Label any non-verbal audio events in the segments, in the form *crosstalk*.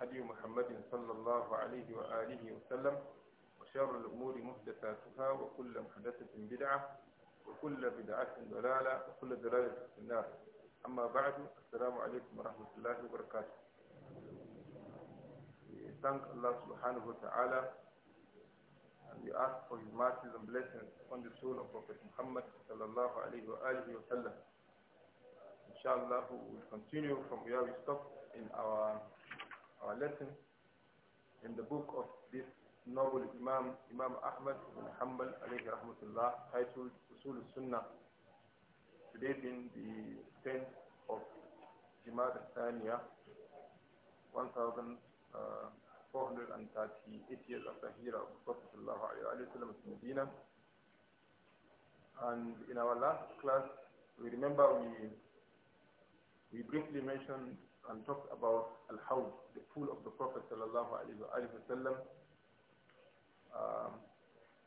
هدي محمد صلى الله عليه وآله وسلم وشر الأمور محدثاتها وكل محدثة بدعة وكل بدعة ضلالة وكل ضلالة في النار أما بعد السلام عليكم ورحمة الله وبركاته thank Allah subhanahu wa ta'ala and we ask for his mercies and blessings upon the soul of Prophet Muhammad sallallahu alayhi wa alihi wa sallam. Inshallah we will continue from where we stopped in our our lesson in the book of this noble Imam, Imam Ahmad ibn Hanbal alayhi rahmatullah, titled Usul Sunnah. Today being the 10th of Jumad al-Thaniya, 1438 uh, years after Hira of Prophet in Medina. And in our last class, we remember we, we briefly mentioned and talked about al-hawd, the pool of the Prophet um,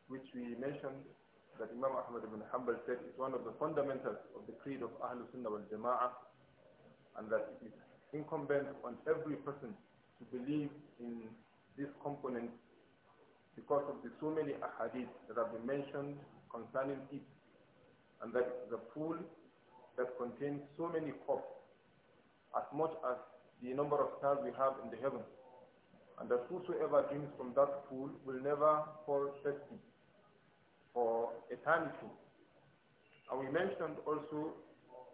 which we mentioned that Imam Ahmad ibn Hanbal said is one of the fundamentals of the creed of Ahlul Sunnah wal Jama'ah and that it is incumbent on every person to believe in this component because of the so many ahadith that have been mentioned concerning it and that the pool that contains so many cups as much as the number of stars we have in the heaven. And that whosoever drinks from that pool will never fall thirsty for eternity. And we mentioned also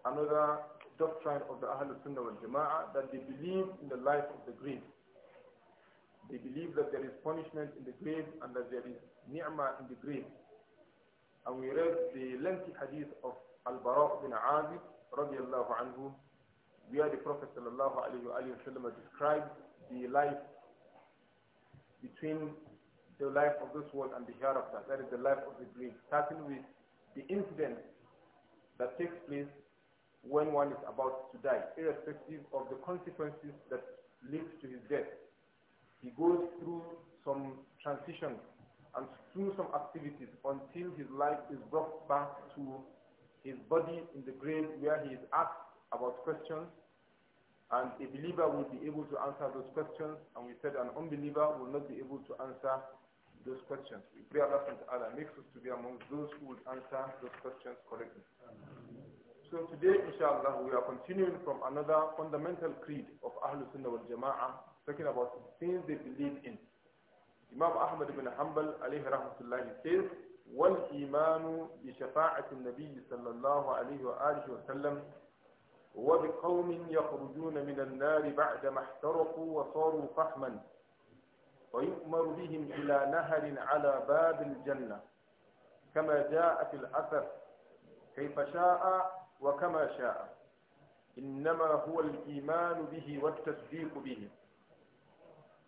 another doctrine of the Ahlul Sunnah wal Jama'ah that they believe in the life of the grave. They believe that there is punishment in the grave and that there is ni'mah in the grave. And we read the lengthy hadith of Al-Bara' bin Azib radiallahu anhu where the Prophet ﷺ described the life between the life of this world and the hereafter, that is the life of the grave, starting with the incident that takes place when one is about to die, irrespective of the consequences that lead to his death. He goes through some transitions and through some activities until his life is brought back to his body in the grave where he is asked about questions, and a believer will be able to answer those questions, and we said an unbeliever will not be able to answer those questions. We pray Allah SWT makes us to be among those who will answer those questions correctly. So today, inshallah, we are continuing from another fundamental creed of Ahlul Sunnah wal Jama'ah, talking about things they believe in. Imam Ahmad ibn Hanbal, alayhi rahmatullahi, says, وَالْإِيمَانُ بِشَفَاعَةِ النَّبِيِّ صَلَّى اللَّهُ عَلَيْهِ وَآلِهِ وَسَلَّمَ وبقوم يخرجون من النار بعدما احترقوا وصاروا فحما ويؤمر بهم إلى نهر على باب الجنة كما جاء في الأثر كيف شاء وكما شاء إنما هو الإيمان به والتصديق به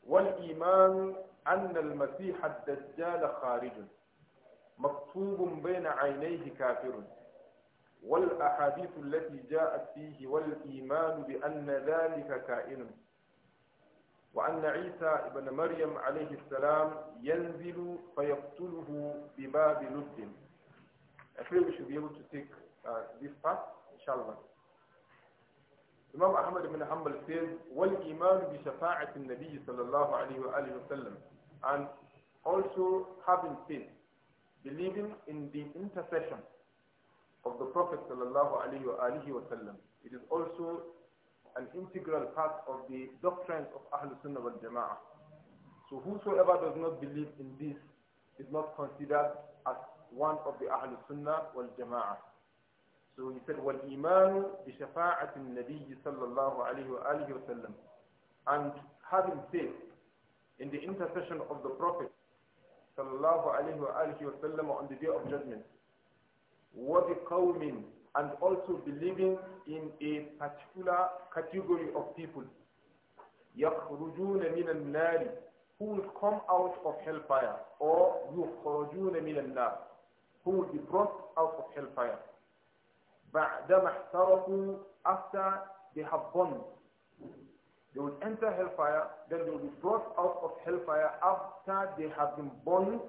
والإيمان أن المسيح الدجال خارج مكتوب بين عينيه كافر والأحاديث التي جاءت فيه والإيمان بأن ذلك كائن وأن عيسى ابن مريم عليه السلام ينزل فيقتله بباب لد I feel we should be able to take uh, this part, inshallah. Imam Ahmad ibn Hanbal says, وَالْإِيمَانُ بِشَفَاعَةِ النَّبِيِّ صلى الله عليه وآله وسلم And also having faith, believing in the intercession of the Prophet sallallahu It is also an integral part of the doctrines of Ahlul Sunnah wal Jama'ah. So whosoever does not believe in this is not considered as one of the Ahlul Sunnah wal Jama'ah. So he said, وَالْإِيمَانُ بِشَفَاعَةِ النَّبِيِّ صَلَّى اللَّهُ عَلَيْهِ وَآلِهِ وَسَلَّمَ And having faith in the intercession of the Prophet صلى الله عليه وآله وسلم on the day of judgment وَبِقَوْمٍ and also believing in a particular category of people. يَخْرُجُونَ مِنَ النَّارِ Who will come out of hellfire or يُخْرَجُونَ مِنَ النَّارِ Who will be brought out of hellfire. بَعْدَمَا احْتَرَقُوا After they have burned. They will enter hellfire, then they will be brought out of hellfire after they have been burned.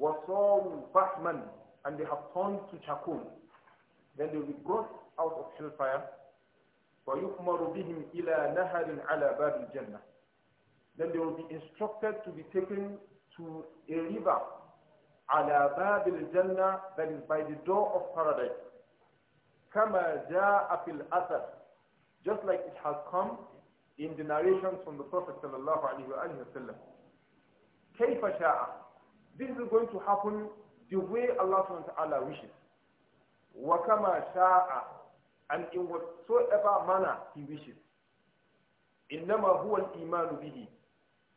وَصَارُوا فَحْمًا and they have turned to charcoal. Then they will be brought out of hellfire. وَيُؤْمَرُ بِهِمْ إِلَى نَهَرٍ عَلَى بَابِ الْجَنَّةِ Then they will be instructed to be taken to a river على باب الجنة that is by the door of paradise كما جاء في الأثر just like it has come in the narrations from the Prophet ﷺ. كيف شاء this is going to happen the way Allah Allah wishes. وَكَمَا And in whatsoever manner He wishes. إِنَّمَا هُوَ iman بِهِ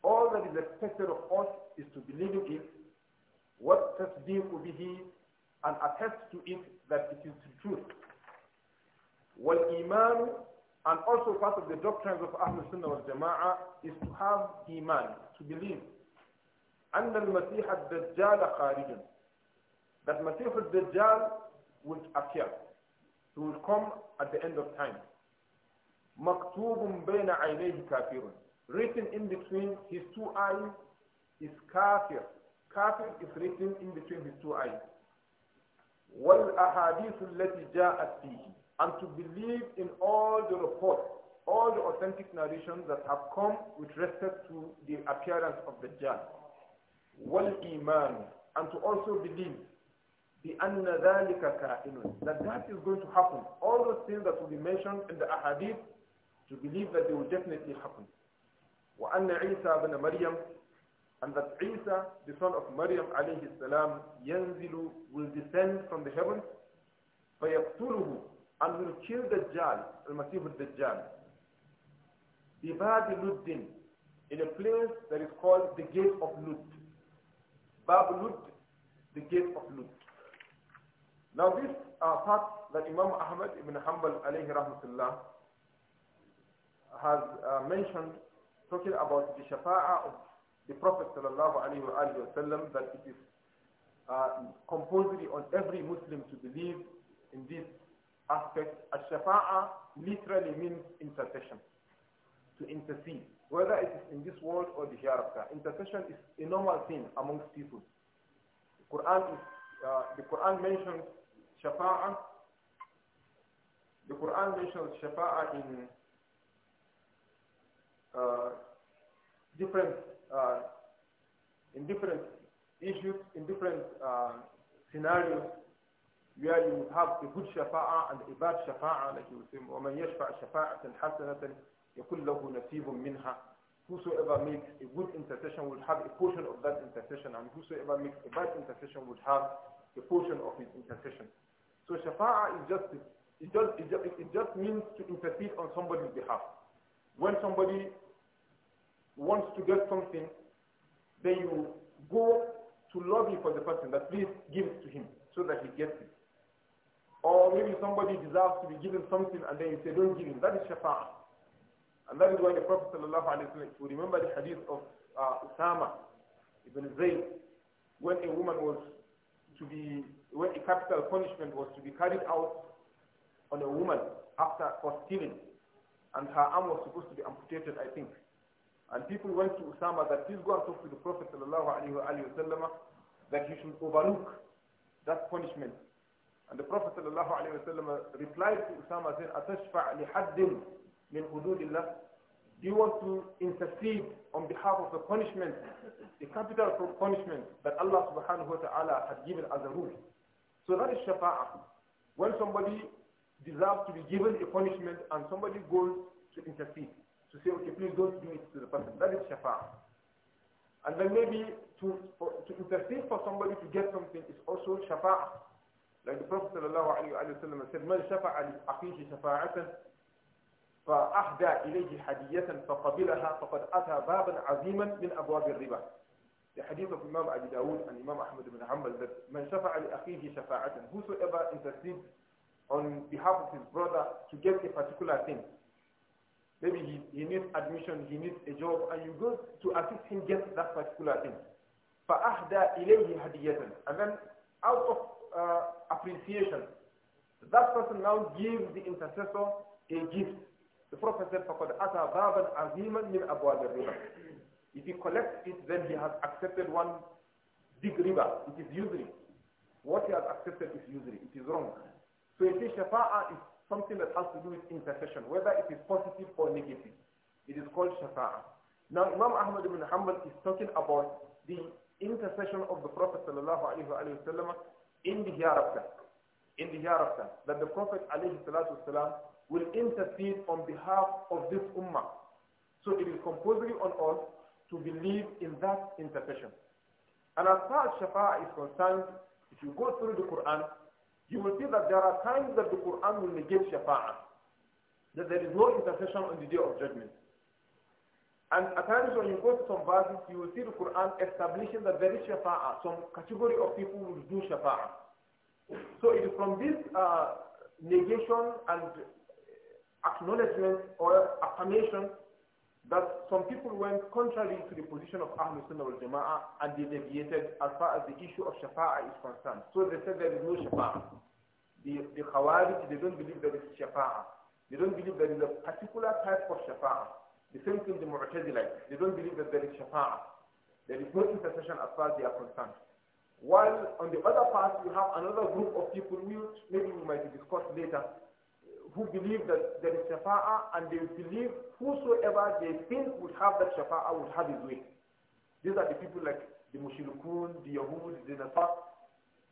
All that is expected of us is to believe in it, what tasdeeq bihi, and attest to it that it is the truth. Wal-Iman, And also part of the doctrines of Ahlul Sunnah wal Jama'ah is to have iman, to believe. أن المسيح الدجال خارج that Masih al-Dajjal will appear. He will come at the end of time. مَكْتُوبٌ بَيْنَ عَيْنَيْهِ كَافِرٌ Written in between his two eyes is kafir. Kafir is written in between his two eyes. وَالْأَحَادِيثُ الَّتِي جَاءَتْ فِيهِ And to believe in all the reports, all the authentic narrations that have come with respect to the appearance of the Dajjal. وَالْإِيمَانِ And to also believe that that is going to happen. All those things that will be mentioned in the ahadith to believe that they will definitely happen. وأن عيسى بن مريم and that Isa, the son of Maryam alayhi salam, ينزل will descend from the heavens فيقتله and will kill Dajjal, al-Masih al-Dajjal. بباب لد in a place that is called the gate of Lut. بَابُ Lut, the gate of Lut. Now this uh, part that Imam Ahmad ibn Hanbal alayhi rahmatullah has uh, mentioned talking about the shafa'a of the Prophet sallallahu alayhi wa that it is uh, compulsory on every Muslim to believe in this aspect. Ash-shafa'a literally means intercession, to intercede, whether it is in this world or the hereafter. Intercession is a normal thing amongst people. The Quran, is, uh, the Quran mentions شفاعة the Quran mentions in uh, different uh, in different issues in different uh, scenarios where you have a good شفاعة and a bad شفاعة like you say ومن يشفع شفاعة حسنة يكون له نصيب منها whosoever makes a good intercession will have a portion of that intercession and whosoever makes a bad intercession will have a portion of his intercession So shafa'a is just, it just, it just, it just means to intercede on somebody's behalf. When somebody wants to get something, then you go to lobby for the person that please give it to him so that he gets it. Or maybe somebody deserves to be given something and then you say, don't give him. That is shafa'a. And that is why the Prophet ﷺ, will remember the hadith of uh, Usama ibn Zayd, when a woman was to be when a capital punishment was to be carried out on a woman after for stealing, and her arm was supposed to be amputated, I think. And people went to Usama that please go and talk to the Prophet وسلم, that he should overlook that punishment. And the Prophet وسلم, replied to Usama saying, أَتَشْفَعْ لِحَدٍ مِنْ اللَّهِ Do you want to intercede on behalf of the punishment, the capital punishment that Allah subhanahu wa ta'ala had given as a rule? So that is shafa'ah. When somebody deserves to be given a punishment and somebody goes to intercede, to say, okay, please don't do it to the person. That is shafa'ah. And then maybe to, for, to intercede for somebody to get something is also shafa'ah. Like the Prophet ﷺ said, من شفع لأخيه شفاعة فأهدى إليه هدية فقبلها فقد أتى بابا عظيما من أبواب الربا. The hadith of Imam Abdullah and Imam Ahmad ibn Hanbal that من شفع لأخيه شفاعة whosoever intercedes on behalf of his brother to get a particular thing. Maybe he, he needs admission, he needs a job, and you go to assist him get that particular thing. فَأَهْدَى إِلَيْهِ هَدِيَةً And then out of uh, appreciation, that person now gives the intercessor a gift. The Prophet said, فَقَدْ أَتَى بَابًا عَظِيمًا مِنْ أَبْوَابِ الرِّبَى if he collects it, then he has accepted one big river. It is usury. What he has accepted is usury. It is wrong. So you see, shafa'a is something that has to do with intercession, whether it is positive or negative. It is called shafa'a. Now, Imam Ahmad ibn Hanbal is talking about the intercession of the Prophet sallallahu alaihi wasallam in the hereafter. In the hereafter, that the Prophet alayhi salatu wasallam will intercede on behalf of this ummah. So it is compulsory on us to believe in that intercession. And as far as Shafa is concerned, if you go through the Quran, you will see that there are times that the Quran will negate shafa, that there is no intercession on the day of judgment. And at times when you go to some verses, you will see the Quran establishing that there is shafa, some category of people will do shafa. So it is from this uh, negation and acknowledgement or affirmation that some people went contrary to the position of Ahlul Sunnah wal Jama'ah and they deviated as far as the issue of Shafa'ah is concerned. So they said there is no Shafa'ah. The, the Khawarij, they don't believe there is Shafa'ah. They don't believe there is a particular type of Shafa'ah. The same thing the Mu'tazilites, they don't believe that there is Shafa'ah. There is no intercession as far as they are concerned. While on the other part, we have another group of people, which maybe we might discuss later, who believe that there is shafa'a and they believe whosoever they think would have that shafa'a would have his way. These are the people like the Mushrikun, the Yahud, the Nasar,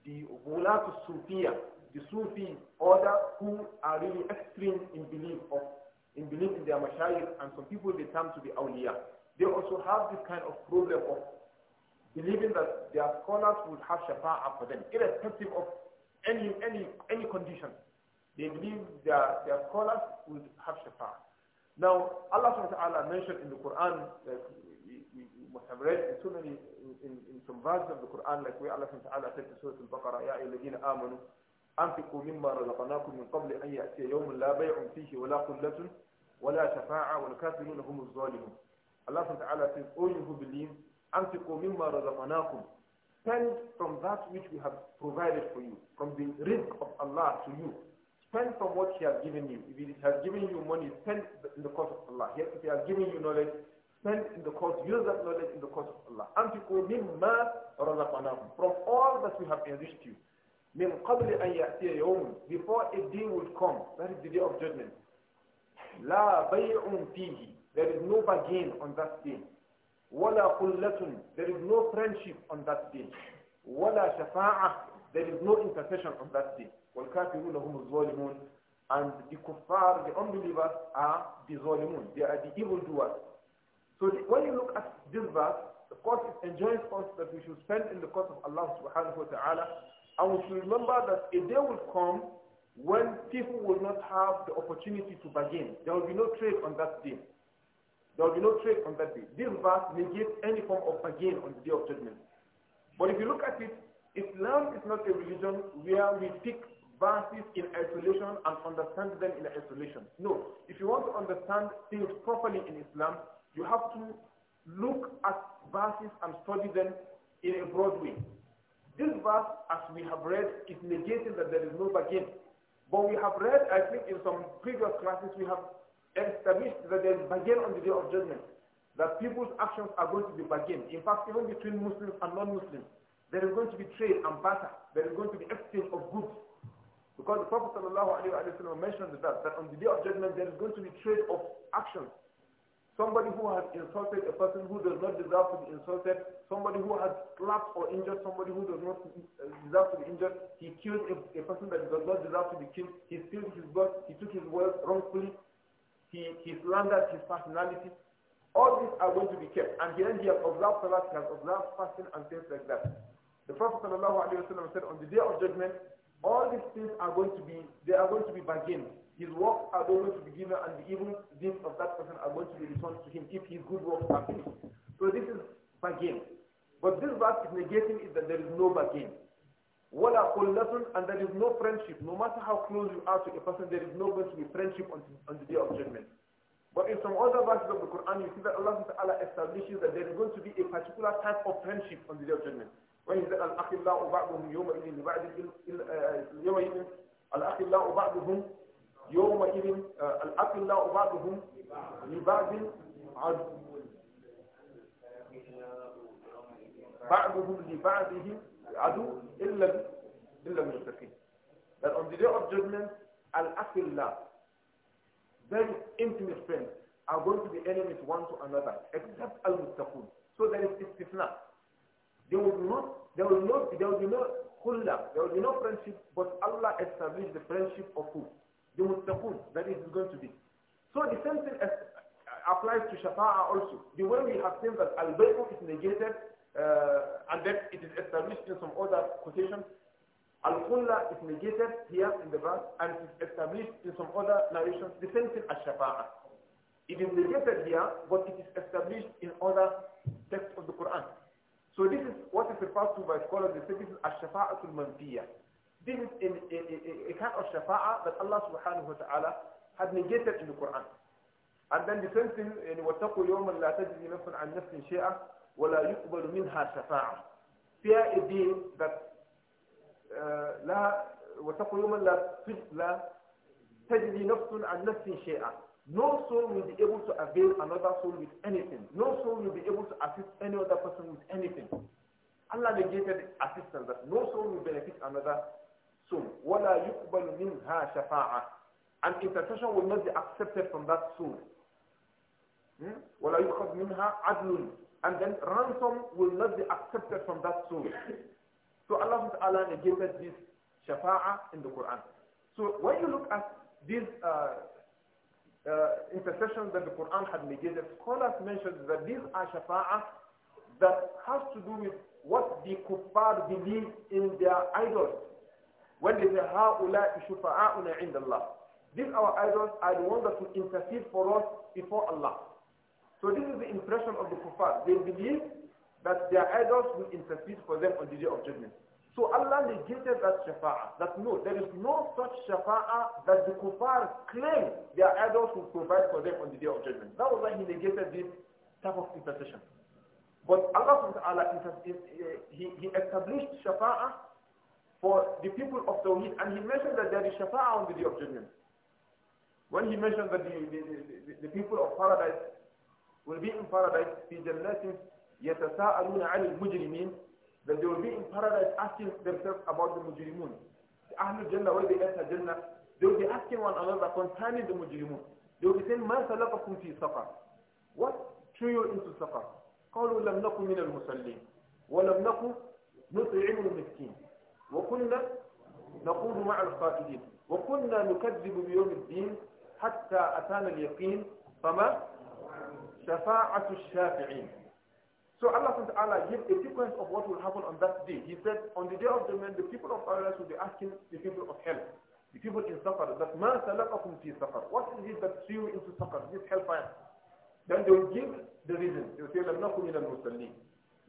the Ghulatu Sufiya, the Sufi order who are really extreme in belief of in belief in their mashayikh and some people they term to be awliya. They also have this kind of problem of believing that their scholars would have shafa'a for them, irrespective of any any any condition they believe that their scholars would have shafa'ah. Now, Allah subhanahu wa ta'ala mentioned in the Quran, like we, we, must have read in so many, in, in, in some verses of the Quran, like where Allah subhanahu wa ta'ala said in Surah Al-Baqarah, يَا أَيُّهَا الَّذِينَ آمَنُوا أنفقوا مما رزقناكم من قبل أن يأتي يوم لا بيع فيه ولا قلة ولا شفاعة والكافرون هم الظالمون Allah subhanahu wa ta'ala says, O you who believe, أنفقوا مما رزقناكم Spend from that which we have provided for you, from the risk of Allah to you spend from what He has given you. If He has given you money, spend in the cause of Allah. If He has given you knowledge, spend in the cause, use that knowledge in the cause of Allah. From all that we have enriched you. Before a day will come, that is the day of judgment. There is no bargain on that day. There is no friendship on that day. There is no intercession on that day. وَالْكَافِرُونَ هُمُ الظَّالِمُونَ And the kuffar, the unbelievers, are the zalimun. They are the evildoers. So the, when you look at this verse, of course it enjoins us that we should spend in the cause of Allah subhanahu wa ta'ala and we should remember that a day will come when people will not have the opportunity to bargain. There will be no trade on that day. There will be no trade on that day. This verse negates any form of bargain on the day of judgment. But if you look at it, Islam is not a religion where we pick verses in isolation and understand them in isolation. No. If you want to understand things properly in Islam, you have to look at verses and study them in a broad way. This verse, as we have read, is negating that there is no bargain. But we have read, I think in some previous classes, we have established that there is bargain on the day of judgment. That people's actions are going to be bargained. In fact, even between Muslims and non-Muslims, there is going to be trade and barter. There is going to be exchange of goods. Because the Prophet ﷺ mentioned that, that on the day of judgment there is going to be trade of actions. Somebody who has insulted a person who does not deserve to be insulted, somebody who has slapped or injured somebody who does not uh, deserve to be injured, he killed a, a person that does not deserve to be killed, he steals his blood, he took his wealth wrongfully, he, he slandered his personality. All these are going to be kept. And then he has observed salat, he has observed fasting and things like that. The Prophet ﷺ said on the day of judgment, all these things are going to be, they are going to be bargained. His works are going to be given and the evil deeds of that person are going to be returned to him if his good works are finished. So this is bargain. But this verse is negating is that there is no bargain. Wala lesson! and there is no friendship. No matter how close you are to a person, there is no going to be friendship on, on the day of judgment. But in some other verses of the Quran, you see that Allah establishes that there is going to be a particular type of friendship on the day of judgment. ويهزأ الأخلاء بعضهم يومئذ لبعض يومئذ الأخلاء بعضهم يومئذ الأخلاء بعضهم لبعض عدو بعضهم لبعضهم عدو إلا إلا المتقين That on the day of judgment, al-akhillah, very intimate friends, are going to be enemies one to another, except al-muttaqun. So there is istifna. There will not, there will not, there will be no khullah, there will be no friendship, but Allah established the friendship of who? The muttaqun, that is going to be. So the same thing as, uh, applies to shafa'a also. The way we have seen that al-bay'u is negated, uh, and that it is established in some other quotations, Al-Qulla is negated here in the verse and it is established in some other narrations, the same thing as shafa'a. It is negated here, but it is established in other texts of the Quran. So this is what is referred to by scholars. They say this is ash-shafa'atul manfiyah. This is in, in, in, in, a kind of shafa'a that Allah subhanahu wa ta'ala had negated in the Quran. And then the same thing in وَتَقُوا يَوْمًا لَا تَجْزِي نَفْسٌ عَنْ نَفْسٍ شَيْئًا وَلَا يُقْبَلُ مِنْهَا شَفَاعًا Fear a being that وَتَقُوا uh, وَاتَّقُوا يَوْمًا لَا تَجْزِي نَفْسٌ عَنْ نَفْسٍ شَيْئًا No soul will be able to avail another soul with anything. No soul will be able to assist any other person with anything. Allah negated assistance that no soul will benefit another soul. وَلَا يُقْبَلُ مِنْهَا شَفَاعَةً And intercession will not be accepted from that soul. Hmm? وَلَا يُقْبَلُ مِنْهَا عَدْلٌ And then ransom will not be accepted from that soul. So Allah SWT negated this shafa'ah in the Quran. So when you look at these uh, uh, that the Quran had negated. scholars mentioned that these are shafa'ah that has to do with what the kuffar believe in their idols. When they say, هَؤُلَاءِ شُفَعَاءُنَا عِنْدَ اللَّهِ These our idols are the ones that will intercede for us before Allah. So this is the impression of the kuffar. They believe that their idols will intercede for them on the day of judgment. So Allah negated that shafa'ah. That no, there is no such shafa'ah that the kuffar claim their idols will provide for them on the day of judgment. That was why he negated this type of intercession. But Allah subhanahu eh, he, he established shafa'ah for the people of Tawheed and he mentioned that there is shafa'ah on the day of judgment. When he mentioned that the, the, the, the people of paradise will be in paradise, في جنات يتساءلون عن المجرمين that they will be in paradise asking themselves about the mujrimun. The Ahlul Jannah, when they enter Jannah, they will be asking one another concerning the mujrimun. They will be saying, مَا سَلَقَكُمْ فِي سَقَرْ What threw you into سَقَرْ? قَالُوا لَمْ نَكُمْ مِنَ الْمُسَلِّينَ وَلَمْ نَكُمْ نُطْعِمُ الْمِسْكِينَ وَكُنَّا نَقُودُ مَعَ الْخَائِدِينَ وَكُنَّا نُكَذِّبُ بِيَوْمِ الدِّينِ حَتَّى أَتَانَا الْيَقِينَ فَمَا شَفَاعَةُ الشَّافِعِينَ So Allah subhanahu wa ta'ala gave a sequence of what will happen on that day. He said, on the day of judgment, the people of paradise will be asking the people of hell, the people in Saqar, that of سَلَقَكُمْ فِي سَقَر What is it that threw you into Saqar, this hellfire? Then they will give the reason. They will say, لَمْ نَكُمْ مِنَ الْمُسَلِّينَ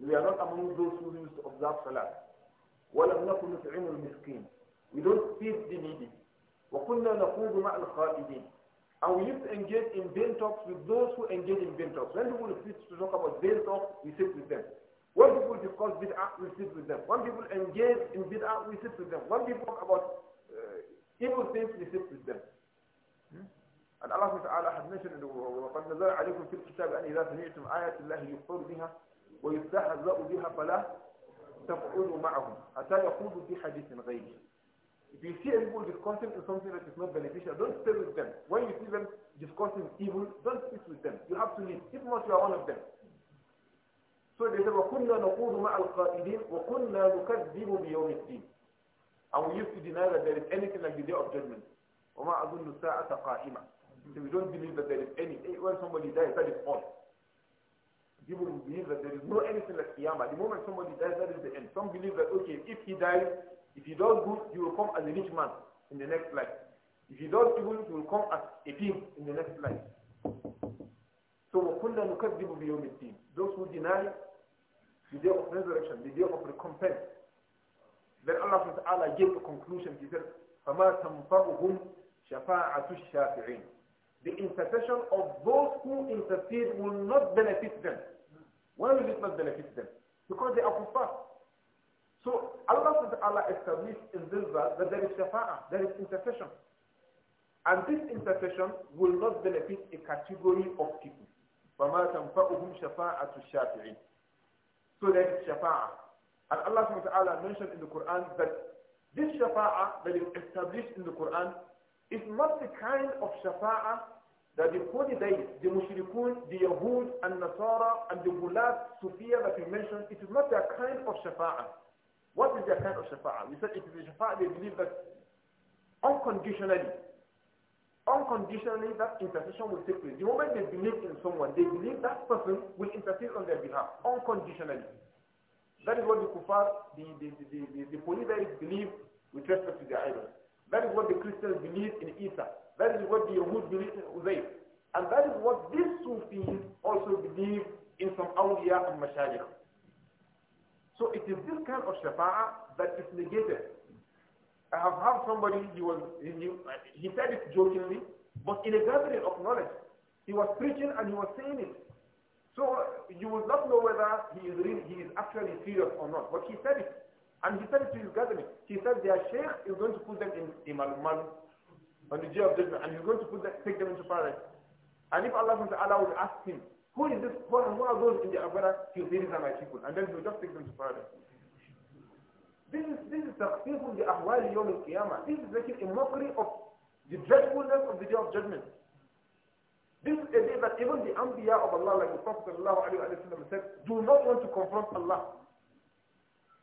We are not among those who used to observe Salah. وَلَمْ نَكُمْ نُطْعِمُ الْمِسْكِينَ We don't feed the needy. وَكُنَّا نَقُودُ مَعَ الْخَائِدِينَ And we used to engage in vain talks with those who engage in vain talks. When people refuse to talk about vain talks, we sit with them. When people discuss bid'ah, we sit with them. When people engage in bid'ah, we sit with them. When people talk about uh, evil things, we sit with them. Hmm? And Allah Ta'ala has mentioned in the وَقَدْ نَزَلَ عَلَيْكُمْ فِي الْكِتَابِ أَنْ إِذَا سَمِعْتُمْ آيَاتِ اللَّهِ يُكْفَرُ بِهَا وَيُسْتَحْزَأُ بِهَا فَلَا تَقْعُدُوا مَعَهُمْ حَتَّى يَخُوضُوا فِي حَدِيثٍ غَيْرِهِ If you see anyone discussing something that is not beneficial, don't stay with them. When you see them discussing evil, don't sit with them. You have to leave. If not, you are one of them. So they said, وَكُنَّا نَقُودُ مَعَ الْقَائِدِينَ وَكُنَّا نُكَذِّبُ بِيَوْمِ الدِّينِ And we used to deny that there is anything like the Day of Judgment. وَمَا أَظُنُّ السَّاعَةَ So we don't believe that there is any. Eh, when somebody dies, that is all. People believe that there is no anything like Qiyamah. The moment somebody dies, that is the end. Some believe that, okay, if he dies, If you does good, you will come as a rich man in the next life. If you does evil, you will come as a thief in the next life. So وَكُنَّا نُكَذِّبُ بِيَوْمِ الدِّينِ Those who deny the day of resurrection, the day of recompense. Then Allah SWT gave a conclusion. He said, فَمَا تَنْفَعُهُمْ شَفَاعَةُ الشَّافِعِينَ The intercession of those who intercede will not benefit them. Why will it not benefit them? Because they are kuffar. So Allah subhanahu established in this that there is shafa'ah, there is intercession. And this intercession will not benefit a category of people. فَمَا شَفَاعَةُ الشَّافِعِينَ So there is shafa'ah. And Allah subhanahu mentioned in the Quran that this shafa'ah that is established in the Quran is not the kind of shafa'ah that the polytheists, the mushrikun, the Yahud, and Nasara, and the Gulat, Sufiya that we mentioned, it is not that kind of shafa'ah. What is their kind of shafa'ah? We said it is a shafa'ah they believe that unconditionally, unconditionally that intercession will take place. The moment they believe in someone, they believe that person will intercede on their behalf, unconditionally. That is what the kuffar, the, the, the, the, the polytheists believe with respect to their idols. That is what the Christians believe in Isa. That is what the Yahud believe in Uzayr. And that is what these Sufis also believe in some awliya and mashayikh. So it is this kind of shafa'ah that is negated. I have had somebody, he, was, he, he said it jokingly, but in a gathering of knowledge. He was preaching and he was saying it. So you will not know whether he is, really, he is actually serious or not, but he said it. And he said it to his gathering. He said their sheikh is going to put them in Imam on the day of judgment, and he's going to put them, take them into paradise. And if Allah subhanahu wa ta'ala ask him, who is this? Who are, who are those in the Abara? These are my people. And then he'll just take them to paradise. This is this is the تخفيف Yom يوم القيامة. This is making a mockery of the dreadfulness of the day of judgment. This is a day that even the Ambiya of Allah, like the Prophet ﷺ said, do not want to confront Allah.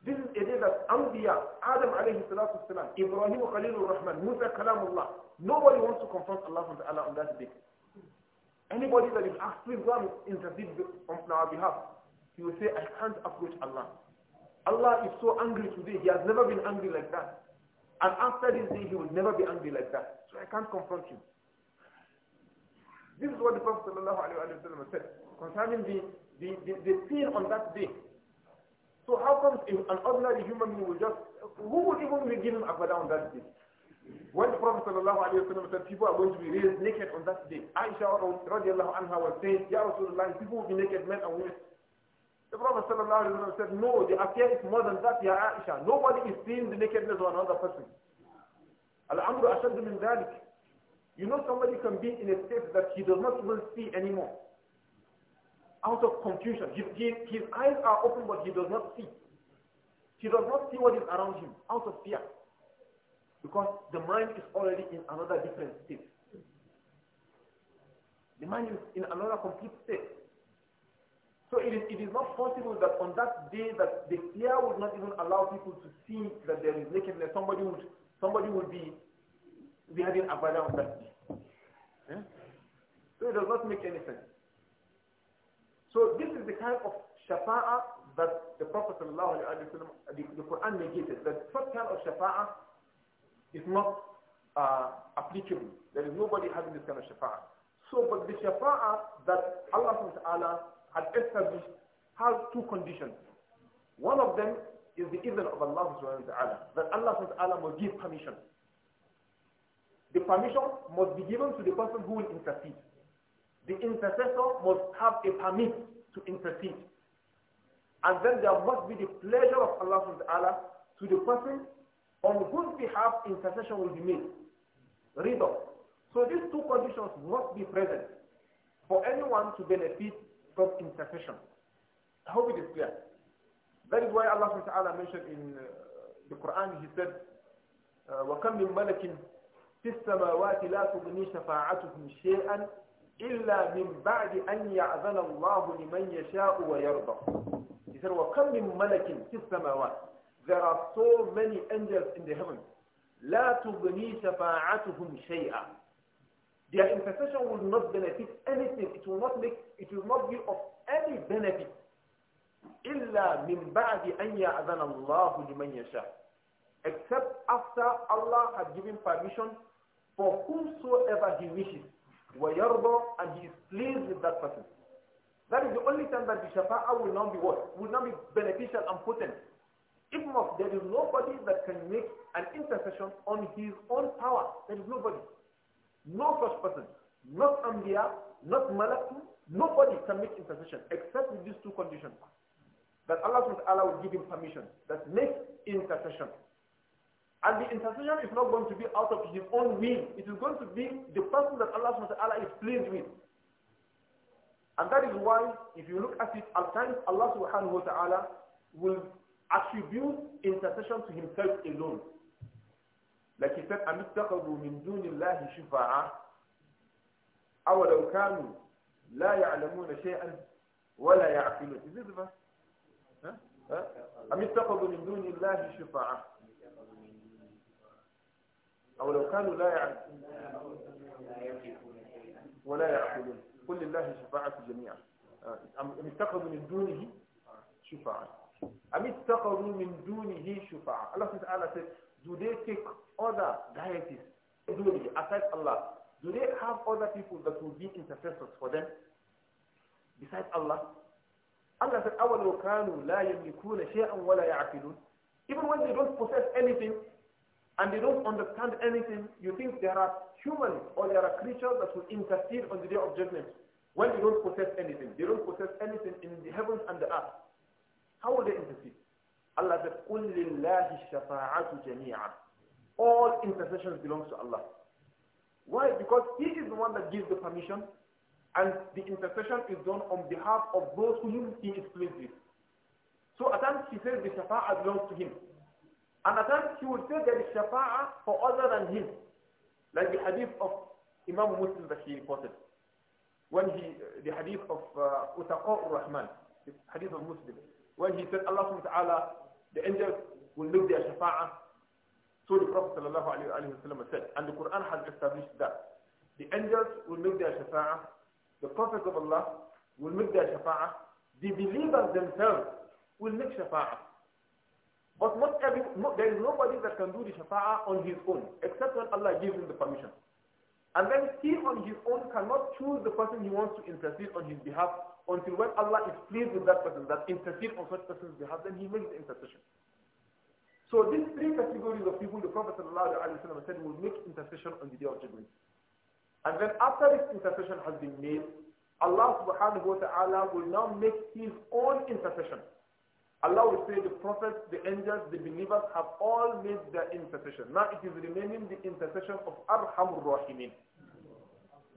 This is a day that Ambiya Adam alayhi salatu wasalam, Ibrahim Khalilur Rahman, Musa Kalamullah, nobody wants to confront Allah on that day. Anybody that is asked, please go and intercede on our behalf. He will say, I can't approach Allah. Allah is so angry today. He has never been angry like that. And after this day, he will never be angry like that. So I can't confront him. This is what the Prophet ﷺ said concerning the, the, the, the sin on that day. So how comes an ordinary human being will just, who would even be given a on that day? When the Prophet ﷺ said people are going to be raised naked on that day, Aisha radiallahu anha was saying, Ya Rasulullah, people will be naked, men and women. The Prophet ﷺ said, no, the affair is more than that, Ya Aisha. Nobody is seeing the nakedness of another person. Al-amru said min dhalik. You know somebody can be in a state that he does not even see anymore. Out of confusion. His, his, his eyes are open but he does not see. He does not see what is around him out of fear. Because the mind is already in another different state. The mind is in another complete state. So it is, it is not possible that on that day that the fear would not even allow people to see that there is nakedness. Somebody would, somebody would be behaving avada on that day. Yeah? So it does not make any sense. So this is the kind of shafa'a that the Prophet ﷺ, the, the Quran negated, that first kind of shafa'a is not uh, applicable. There is nobody having this kind of shafa'ah. So, but the shafa'ah that Allah Ta'ala had established has two conditions. One of them is the evil of Allah subhanahu wa ta'ala, that Allah subhanahu wa ta'ala must give permission. The permission must be given to the person who will intercede. The intercessor must have a permit to intercede. And then there must be the pleasure of Allah subhanahu wa ta'ala to the person on whose behalf intercession will be made. Rida. So these two conditions must be present for anyone to benefit from intercession. I hope it is clear. That is why Allah subhanahu wa ta'ala mentioned in uh, the Quran, He said, وَكَمْ مِنْ مَلَكٍ فِي السَّمَاوَاتِ لَا تُغْنِي شَفَاعَتُهُمْ شَيْئًا إِلَّا مِنْ بَعْدِ أَنْ يَعْذَنَ اللَّهُ لِمَنْ يَشَاءُ وَيَرْضَى He said, وَكَمْ مِنْ مَلَكٍ فِي السَّمَاوَاتِ there are so many angels in the heavens. لا تغني شفاعتهم شيئا. Their intercession will not benefit anything. It will not make. It will not be of any benefit. إلا من بعد أن يأذن الله لمن يشاء. Except after Allah has given permission for whomsoever He wishes. ويرضى and He is pleased with that person. That is the only time that the shafa'ah will not be what? Will not be beneficial and potent. Even if there is nobody that can make an intercession on his own power, there is nobody. No such person. Not Ambiya, not Malaku, nobody can make intercession except with these two conditions. That Allah subhanahu will give him permission. That make intercession. And the intercession is not going to be out of his own will. It is going to be the person that Allah subhanahu is pleased with. And that is why, if you look at it, at times Allah subhanahu wa ta'ala will attributes intercession to himself alone. Like he said, أَمِ اتَّخَذُوا مِن دُونِ اللَّهِ شُفَعَاءَ أَوَلَوْ كَانُوا لَا يَعْلَمُونَ شَيْئًا وَلَا يَعْقِلُونَ Is this the verse? Huh? Huh? أَمِ اتَّخَذُوا مِن دُونِ اللَّهِ شُفَعَاءَ أَوَلَوْ كَانُوا لَا يَعْلَمُونَ وَلَا يَعْقِلُونَ قل لله شفاعة جميعا أم اتخذوا من دونه شفاعة أم اتخذوا من دونه شفعاء Allah subhanahu says, do they take other deities aside Allah? Do they have other people that will be intercessors for them besides Allah? Allah said, أَوَلَوْ كَانُوا لَا يَمْلِكُونَ شَيْئًا وَلَا يَعْقِلُونَ Even when they don't possess anything and they don't understand anything, you think there are humans or there are creatures that will intercede on the day of judgment when they don't possess anything. They don't possess anything in the heavens and the earth. How will they intercede? Allah said, قُلْ لِلَّهِ الشَّفَاعَةُ جَمِيعًا All intercessions belongs to Allah. Why? Because He is the one that gives the permission and the intercession is done on behalf of those whom He is pleased with. So at times He says the shafa'ah belongs to Him. And at times He will say the shafa'ah for other than Him. Like the hadith of Imam Muslim that he reported. When he, the hadith of uh, Rahman, the hadith of Muslim when he said Allah subhanahu the angels will make their shafa'a.' So the Prophet sallallahu alayhi wa said, and the Quran has established that. The angels will make their shafa'a, the prophets of Allah will make their shafa'a, the believers themselves will make shafa'a. But not every, there is nobody that can do the shafa'a on his own, except when Allah gives him the permission. And then he on his own cannot choose the person he wants to intercede on his behalf until when Allah is pleased with that person, that intercede on such person's behalf, then he makes the intercession. So these three categories of people, the Prophet ﷺ said, will make intercession on the day of judgment. And then after this intercession has been made, Allah subhanahu wa ta'ala will now make his own intercession. Allah will say the prophets, the angels, the believers have all made their intercession. Now it is remaining the intercession of Arhamur Rahimin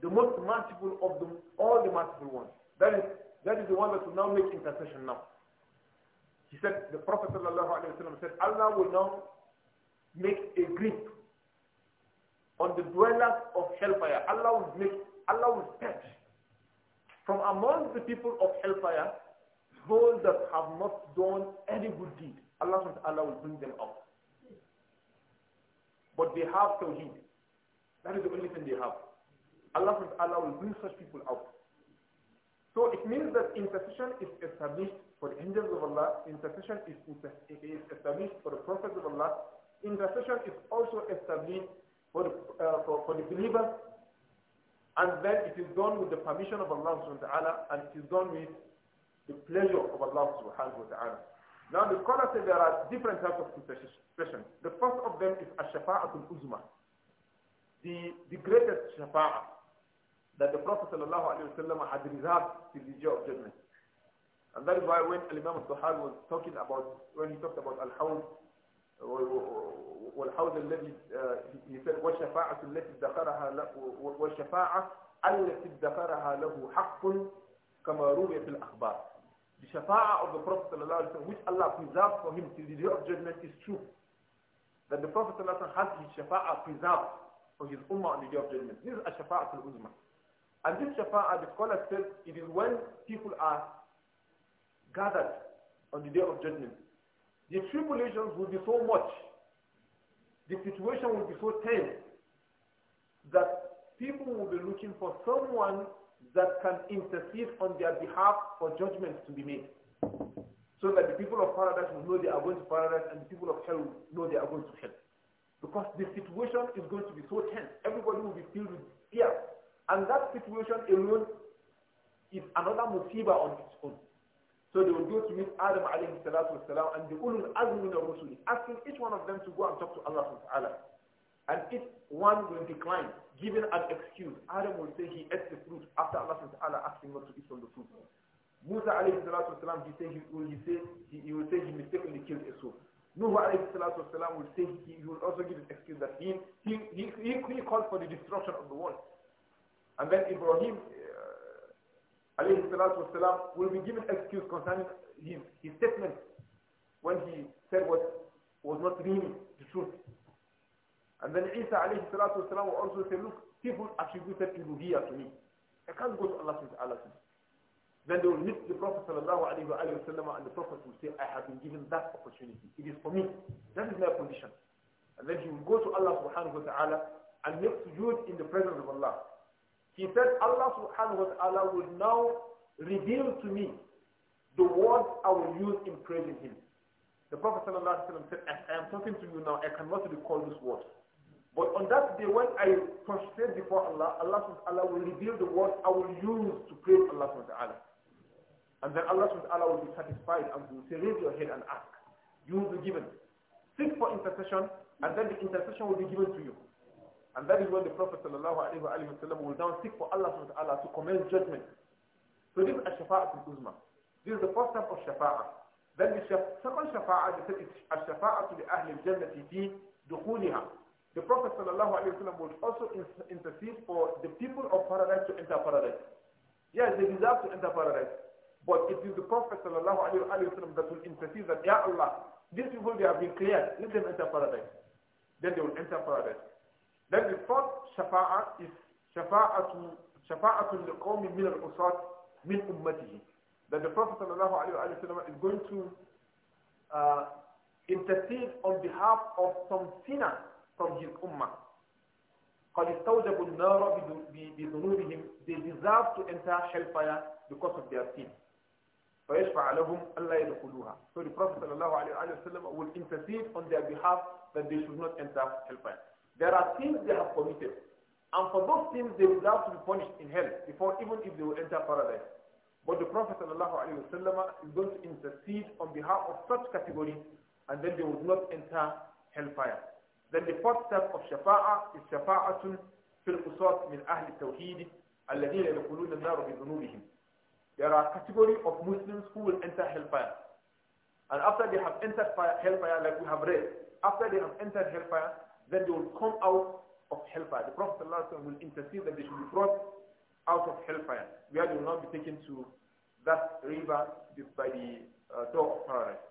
the most merciful of them, all the merciful ones. That is, that is the one that will now make intercession now. He said, the Prophet ﷺ said, Allah will now make a grip on the dwellers of hellfire. Allah will make, Allah will touch from among the people of hellfire those that have not done any good deed. Allah Allah will bring them out. But they have tawheed. That is the only thing they have. Allah Allah will bring such people out. So it means that intercession is established for the angels of Allah, intercession is, is established for the prophets of Allah, intercession is also established for the, uh, for, for the believers, and then it is done with the permission of Allah subhanahu wa ta'ala, and it is done with the pleasure of Allah subhanahu wa ta'ala. Now the scholars say there are different types of intercession. The first of them is ash-shafa'atul uzma, the, the greatest shafa'ah, that the Prophet وسلم, had reserved to the day of judgment. And that is why when Imam al-Tuhal was talking about, when he talked about Al-Hawd, والحوض الذي يسأل والشفاعة التي ادخرها له والشفاعة التي ادخرها له حق كما روي في الأخبار The shafa'a of the Prophet صلى الله عليه وسلم which Allah preserved for him till the day of judgment is true. That the Prophet صلى الله عليه وسلم has his shafa'a preserved for his ummah on the day of judgment. This is a shafa'a al-uzma. And this shafa'ah, the scholar said, it is when people are gathered on the day of judgment. The tribulations will be so much, the situation will be so tense, that people will be looking for someone that can intercede on their behalf for judgment to be made. So that the people of paradise will know they are going to paradise and the people of hell will know they are going to hell. Because the situation is going to be so tense. Everybody will be filled with fear and that situation alone is another musiba on its own. So they will go to meet Adam alayhi salatu wasalam and the ulul azmi rusuli, asking each one of them to go and talk to Allah subhanahu And each one will decline, giving an excuse. Adam will say he ate the fruit after Allah subhanahu asked him not to eat from the fruit. Musa alayhi salatu he, say he, will, he, say, he, he will say he mistakenly killed a soul. Nuh alayhi salatu wasalam will say he, he will also give an excuse that he, he, he, he, he called for the destruction of the world. And then Ibrahim, uh, alayhi salatu wasalam, will be given excuse concerning his statement when he said what was not really the truth. And then Isa alayhi salatu wasalam will also say, look, people attributed Ibuhiyya to me. I can't go to Allah subhanahu wa ta'ala. Then they will meet the Prophet sallallahu alayhi wa and the Prophet will say, I have been given that opportunity. It is for me. That is my condition. And then he will go to Allah subhanahu wa ta'ala and make sujood in the presence of Allah. He said, Allah subhanahu wa ta'ala will now reveal to me the words I will use in praising him. The Prophet said, I am talking to you now, I cannot recall these words. But on that day when I prostrate before Allah, Allah subhanahu wa Taala will reveal the words I will use to praise Allah subhanahu wa ta'ala. And then Allah subhanahu wa ta'ala will be satisfied and will say, raise your head and ask. You will be given. Seek for intercession and then the intercession will be given to you. And that is when the Prophet sallallahu will now seek for Allah subhanahu wa ta'ala to commence judgment. So this is a shafaat al-Uzma. This is the first type of Shafa'at. Then the shaf second Shafa'at is a shafaat the Ahl al-Jannati fi dukhuliha. The Prophet sallallahu will also intercede for the people of paradise to enter paradise. Yes, they deserve to enter paradise. But it is the Prophet sallallahu that will intercede that, Ya Allah, these people, they have been cleared. Let them enter paradise. Then they will enter paradise. Then the first shafa'a is shafa'atu the liqawmin min al-usat min ummatihi. That the Prophet sallallahu wa sallam is going to uh, intercede on behalf of some sinner from his ummah. قد استوجبوا النار بذنوبهم they deserve to enter hellfire because of their sin فيشفع لهم ألا يدخلوها so the Prophet صلى الله عليه وسلم will intercede on their behalf that they should not enter hellfire There are sins they have committed. And for those sins they will have to be punished in hell before even if they will enter paradise. But the Prophet ﷺ is going to intercede on behalf of such categories and then they will not enter hellfire. Then the fourth step of shafa'a is shafa'atun fil usat min ahli tawhid alladhina yadkhuluna an-nar bi dhunubihim. There are category of Muslims who will enter hellfire. And after they have entered fire, hellfire, like we have read, after they have entered hellfire, then they will come out of hellfire. The Prophet ﷺ will intercede that they should be brought out of hellfire, where they will not be taken to that river by the uh, door of paradise.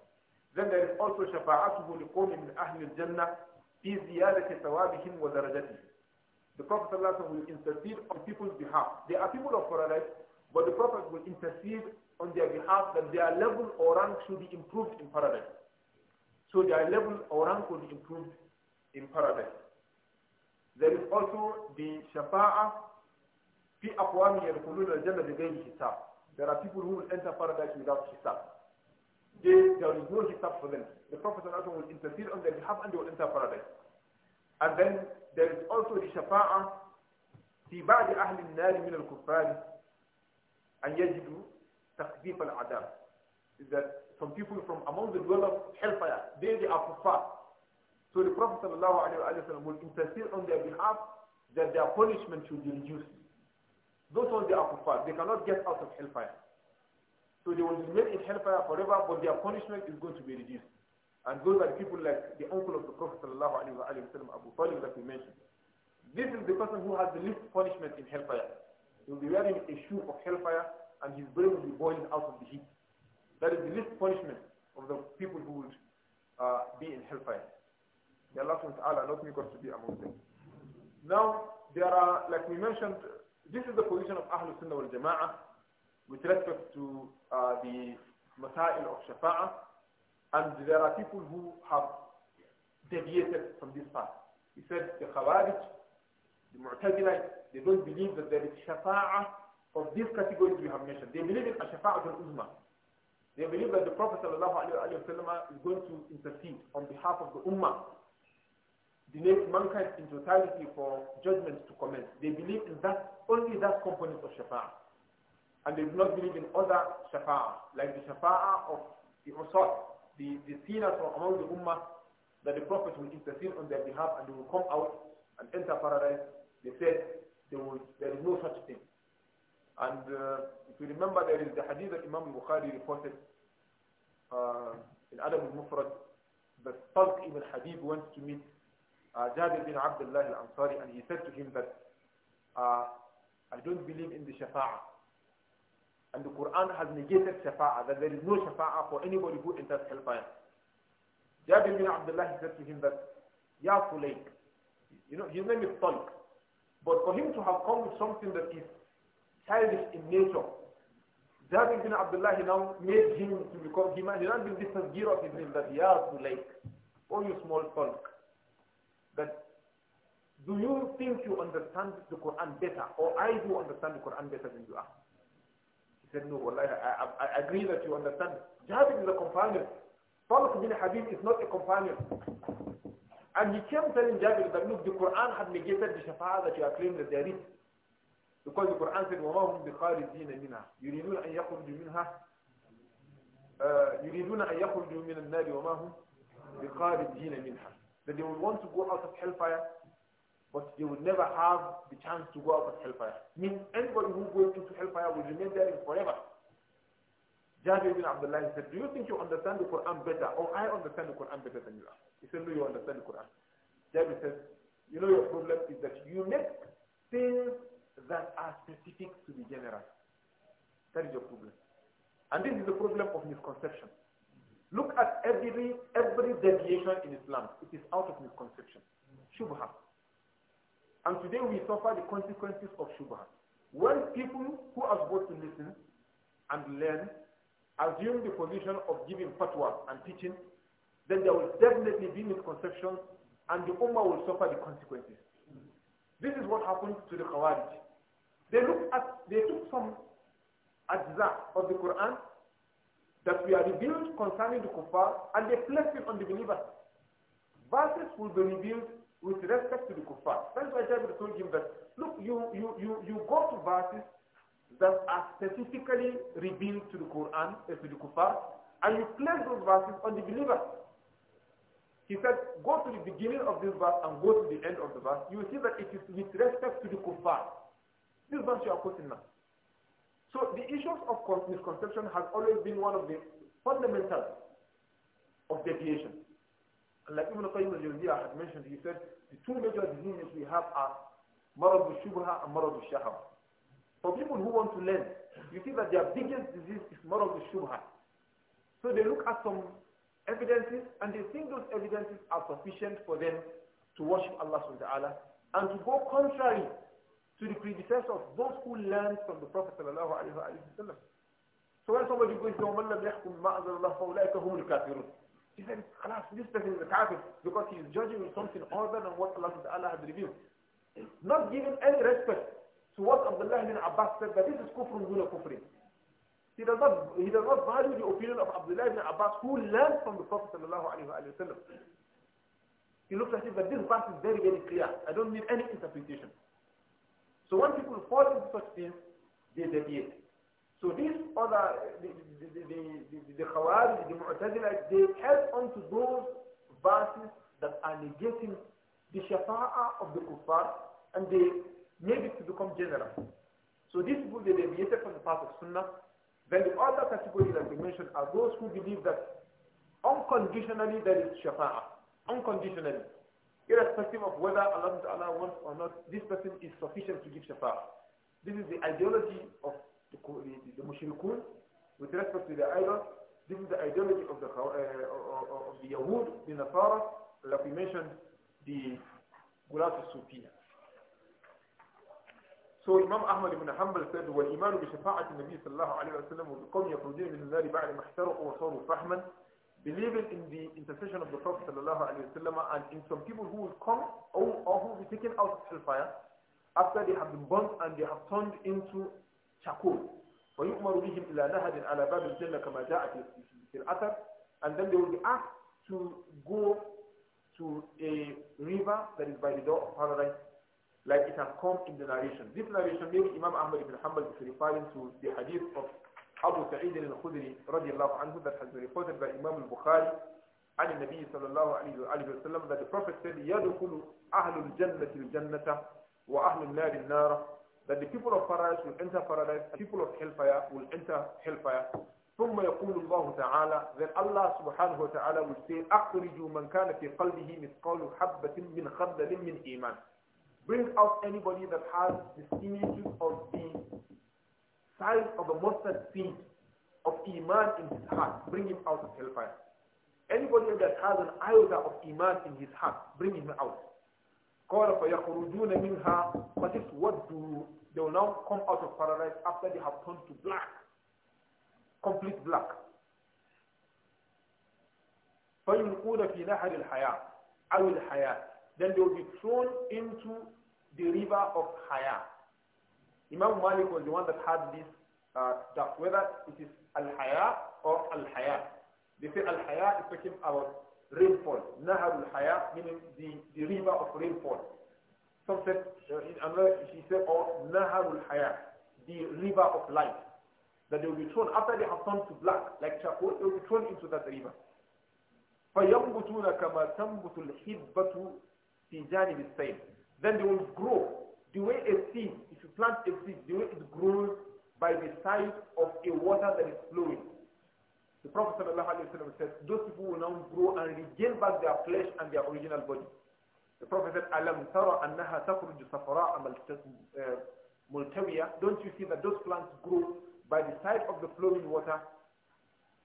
Then there is also min لقوم al-jannah fi في زيادة wa ودرجتهم. The Prophet ﷺ will intercede on people's behalf. They are people of paradise, but the Prophet will intercede on their behalf that their level or rank should be improved in paradise. So their level or rank will be improved in paradise. There is also the shafa'a fi aqwami yadkhuluna al-jannah bighayri hisab. There are people who will enter paradise without hisab. They, there is no hisab for them. The Prophet will intercede on their behalf and they will enter paradise. And then there is also the shafa'a في بعض أهل النار من الكفار أن يجدوا تخفيف العذاب. Is that some people from among the dwellers of hellfire, they, they are kuffar. So the Prophet ﷺ will intercede on their behalf that their punishment should be reduced. Those ones they are kuffar, they cannot get out of hellfire. So they will remain in hellfire forever, but their punishment is going to be reduced. And those are people like the uncle of the Prophet ﷺ, Abu Talib, that we mentioned. This is the person who has the least punishment in hellfire. He will be wearing a shoe of hellfire and his brain will be boiling out of the heat. That is the least punishment of the people who would uh, be in hellfire. May Allah subhanahu not make to be among them. Now, there are, like we mentioned, this is the position of Ahlul Sunnah wal Jama'ah with respect to uh, the Masail of Shafa'ah. And there are people who have deviated from this path. He said the Khawarij, the Mu'tazilites, they don't believe that there is Shafa'ah of these categories we have mentioned. They believe in a Shafa'ah al-Uzma. They believe that the Prophet ﷺ is going to intercede on behalf of the Ummah delays mankind in totality for judgments to commence. They believe in that only that component of shafa'ah. And they do not believe in other shafa'ah, like the shafa'ah of the Usad, the, the sinners from among the Ummah, that the Prophet will intercede on their behalf and they will come out and enter paradise. They said they will, there is no such thing. And uh, if you remember, there is the hadith that Imam Bukhari reported uh, in Adam al-Mufrad, that Talq ibn Habib went to meet uh, Jabir bin Abdullah al-Ansari and he said to him that, uh, I don't believe in the shafa'a, And the Quran has negated shafa'a, that there is no shafa'a for anybody who enters Hellfire. Jabir bin Abdullah said to him that, Ya Fulayk, you know, his name is Talik. But for him to have come with something that is childish in nature, Jabir bin Abdullah now made him to become, he might not be this gear of his name that, Ya Fulayk, or oh, you small Talik that do you think you understand the Quran better or I do understand the Quran better than you are? He said, no, wallahi, I, I, I agree that you understand. Jabir is a companion. Talq bin Habib is not a companion. And he came telling Jabir that, look, the Quran had negated the shafa'a that you are claiming that there is. Because the Quran said, وَمَا هُمْ بِخَارِجِينَ مِنْهَا يُرِيدُونَ أَنْ يَخْرُجُوا مِنْهَا يُرِيدُونَ أَنْ يَخْرُجُوا مِنَ النَّارِ وَمَا هُمْ بِخَارِجِينَ مِنْهَا that they would want to go out of hellfire, but they would never have the chance to go out of hellfire. Meaning anybody who goes into hellfire will remain there forever. Jabir ibn Abdullah said, do you think you understand the Quran better? Or I understand the Quran better than you are. He said, no, you understand the Quran. Jabir says, you know your problem is that you make things that are specific to the general. That is your problem. And this is the problem of misconception. Look at every every deviation in Islam. It is out of misconception. Shubha. And today we suffer the consequences of Shubha. When people who are supposed to listen and learn assume the position of giving fatwa and teaching, then there will definitely be misconceptions and the Ummah will suffer the consequences. This is what happened to the Khawarij. They looked at, they took some ajza of the Quran that we are revealed concerning the kuffar and they placed it on the believers. Verses will be revealed with respect to the kuffar. That's why Jabir told him that, look, you, you, you, you go to verses that are specifically revealed to the Quran, uh, to the kuffar, and you place those verses on the believers. He said, go to the beginning of this verse and go to the end of the verse. You will see that it is with respect to the kuffar. This verse you are quoting now. So the issues of misconception has always been one of the fundamentals of deviation. And like Ibn Qayyim al-Jawziyah had mentioned, he said, the two major diseases we have are marad al-shubha and marad al-shahaw. For people who want to learn, you see that their biggest disease is marad al-shubha. So they look at some evidences and they think those evidences are sufficient for them to worship Allah subhanahu wa ta'ala and to go contrary to the predecessor of those who learned from the Prophet sallallahu alaihi wasallam. So when somebody goes to وَمَنْ لَمْ يَحْكُمْ مَعْذَ اللَّهِ فَأُولَٰئِكَ هُمُ الْكَافِرُونَ He said, alas, this person is a kafir because he is judging with something other than what Allah Ta'ala has revealed. Not giving any respect to what Abdullah ibn Abbas said that this is kufrun duna kufrin. He does not he does not value the opinion of Abdullah ibn Abbas who learned from the Prophet sallallahu alaihi wasallam. He looks at it but this verse is very very clear. I don't need any interpretation. So when people fall into such things, they deviate. So these other, the, the, the, the, the Khawarij, the Mu'tazila, they held on to those verses that are negating the Shafa'ah of the Kuffar and they made it to become general. So these people, they deviated from the path of Sunnah. Then the other category that we mentioned are those who believe that unconditionally there is Shafa'ah. Unconditionally irrespective of whether Allah Ta'ala wants or not, this person is sufficient to give shafa. This is the ideology of the, the, the mushrikun with respect to the idol, This is the ideology of the, uh, uh, of the Yahud, the Nasara, like we mentioned, the Gulat al-Sufiya. So Imam Ahmad ibn Hanbal said, وَالْإِيمَانُ بِشَفَاعَةِ النَّبِي صلى الله عليه وسلم وَبِقَوْمِ يَخْرُجُونَ مِنَ النَّارِ بَعْدَ مَا احْتَرَقُوا وَصَارُوا فَحْمًا believing in the intercession of the Prophet وسلم, and in some people who will come or, or who will be taken out of hellfire after they have been burnt and they have turned into charcoal. وَيُؤْمَرُ بهم إلى نهر على باب الجنة كما جاء في الأثر and then they will be asked to go to a river that is by the door of paradise like it has come in the narration. This narration maybe Imam Ahmad ibn Hanbal is referring to the hadith of أبو سعيد الخدري رضي الله عنه ذات حزوري خذر بإمام البخاري عن النبي صلى الله عليه وآله وسلم that the prophet said يدخل أهل الجنة الجنة وأهل النار النار that the people of paradise will enter paradise the people of hellfire will enter hellfire ثم يقول الله تعالى then Allah سبحانه وتعالى will say أخرجوا من كان في قلبه مثقال حبة من خردل من إيمان bring out anybody that has the similitude of being size of a mustard seed of Iman in his heart, bring him out of hellfire. Anybody that has an iota of Iman in his heart, bring him out. قال فيخرجون منها فتسودوا They will now come out of paradise after they have turned to black, complete black. فيلقون في نهر الحياة أو الحياة Then they will be thrown into the river of Hayah. Imam Malik was the one that had this uh, whether it is al-haya or al-haya. They say al-haya is talking about rainfall. Nahar al-haya meaning the, the river of rainfall. Some said, uh, in she said, or nahar al-haya, the river of life. That they will be thrown, after they have turned to black, like charcoal, they will be thrown into that river. فَيَنْبُتُونَ كَمَا تَنْبُتُ الْحِبَّةُ فِي جَانِبِ السَّيْلِ Then they will grow the way a seed, if you plant a seed, the way it grows by the side of a water that is flowing. The Prophet said, those people will now grow and regain back their flesh and their original body. The Prophet said, Alam tara annaha takhruju safara'a uh, multawiya. Don't you see that those plants grow by the side of the flowing water?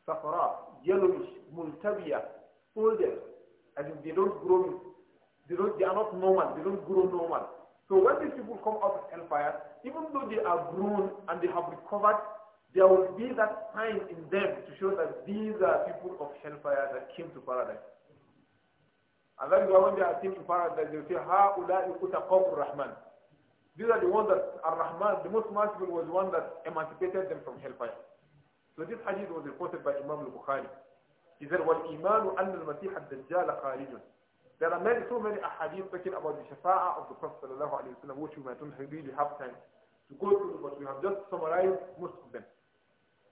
Safara, yellowish, multawiya, folded. and if they don't grow, they, don't, they are not normal, they don't grow normal. So when these people come out of hellfire, even though they are grown and they have recovered, there will be that sign in them to show that these are people of hellfire that came to paradise. And that is why when they are seen in paradise, they will say, هَؤُلَاءِ أُتَقَوْا Rahman? These are the ones that are rahman the most merciful, was the one that emancipated them from hellfire. So this hadith was reported by Imam al-Bukhari. He said, al أَنَّ الْمَسِيحَ Dajjal خَارِجٌ there are many, so many ahadith talking about the shafa'ah of the Prophet sallallahu alayhi wa sallam, which we might not really have time to go through, but we have just summarized most of them.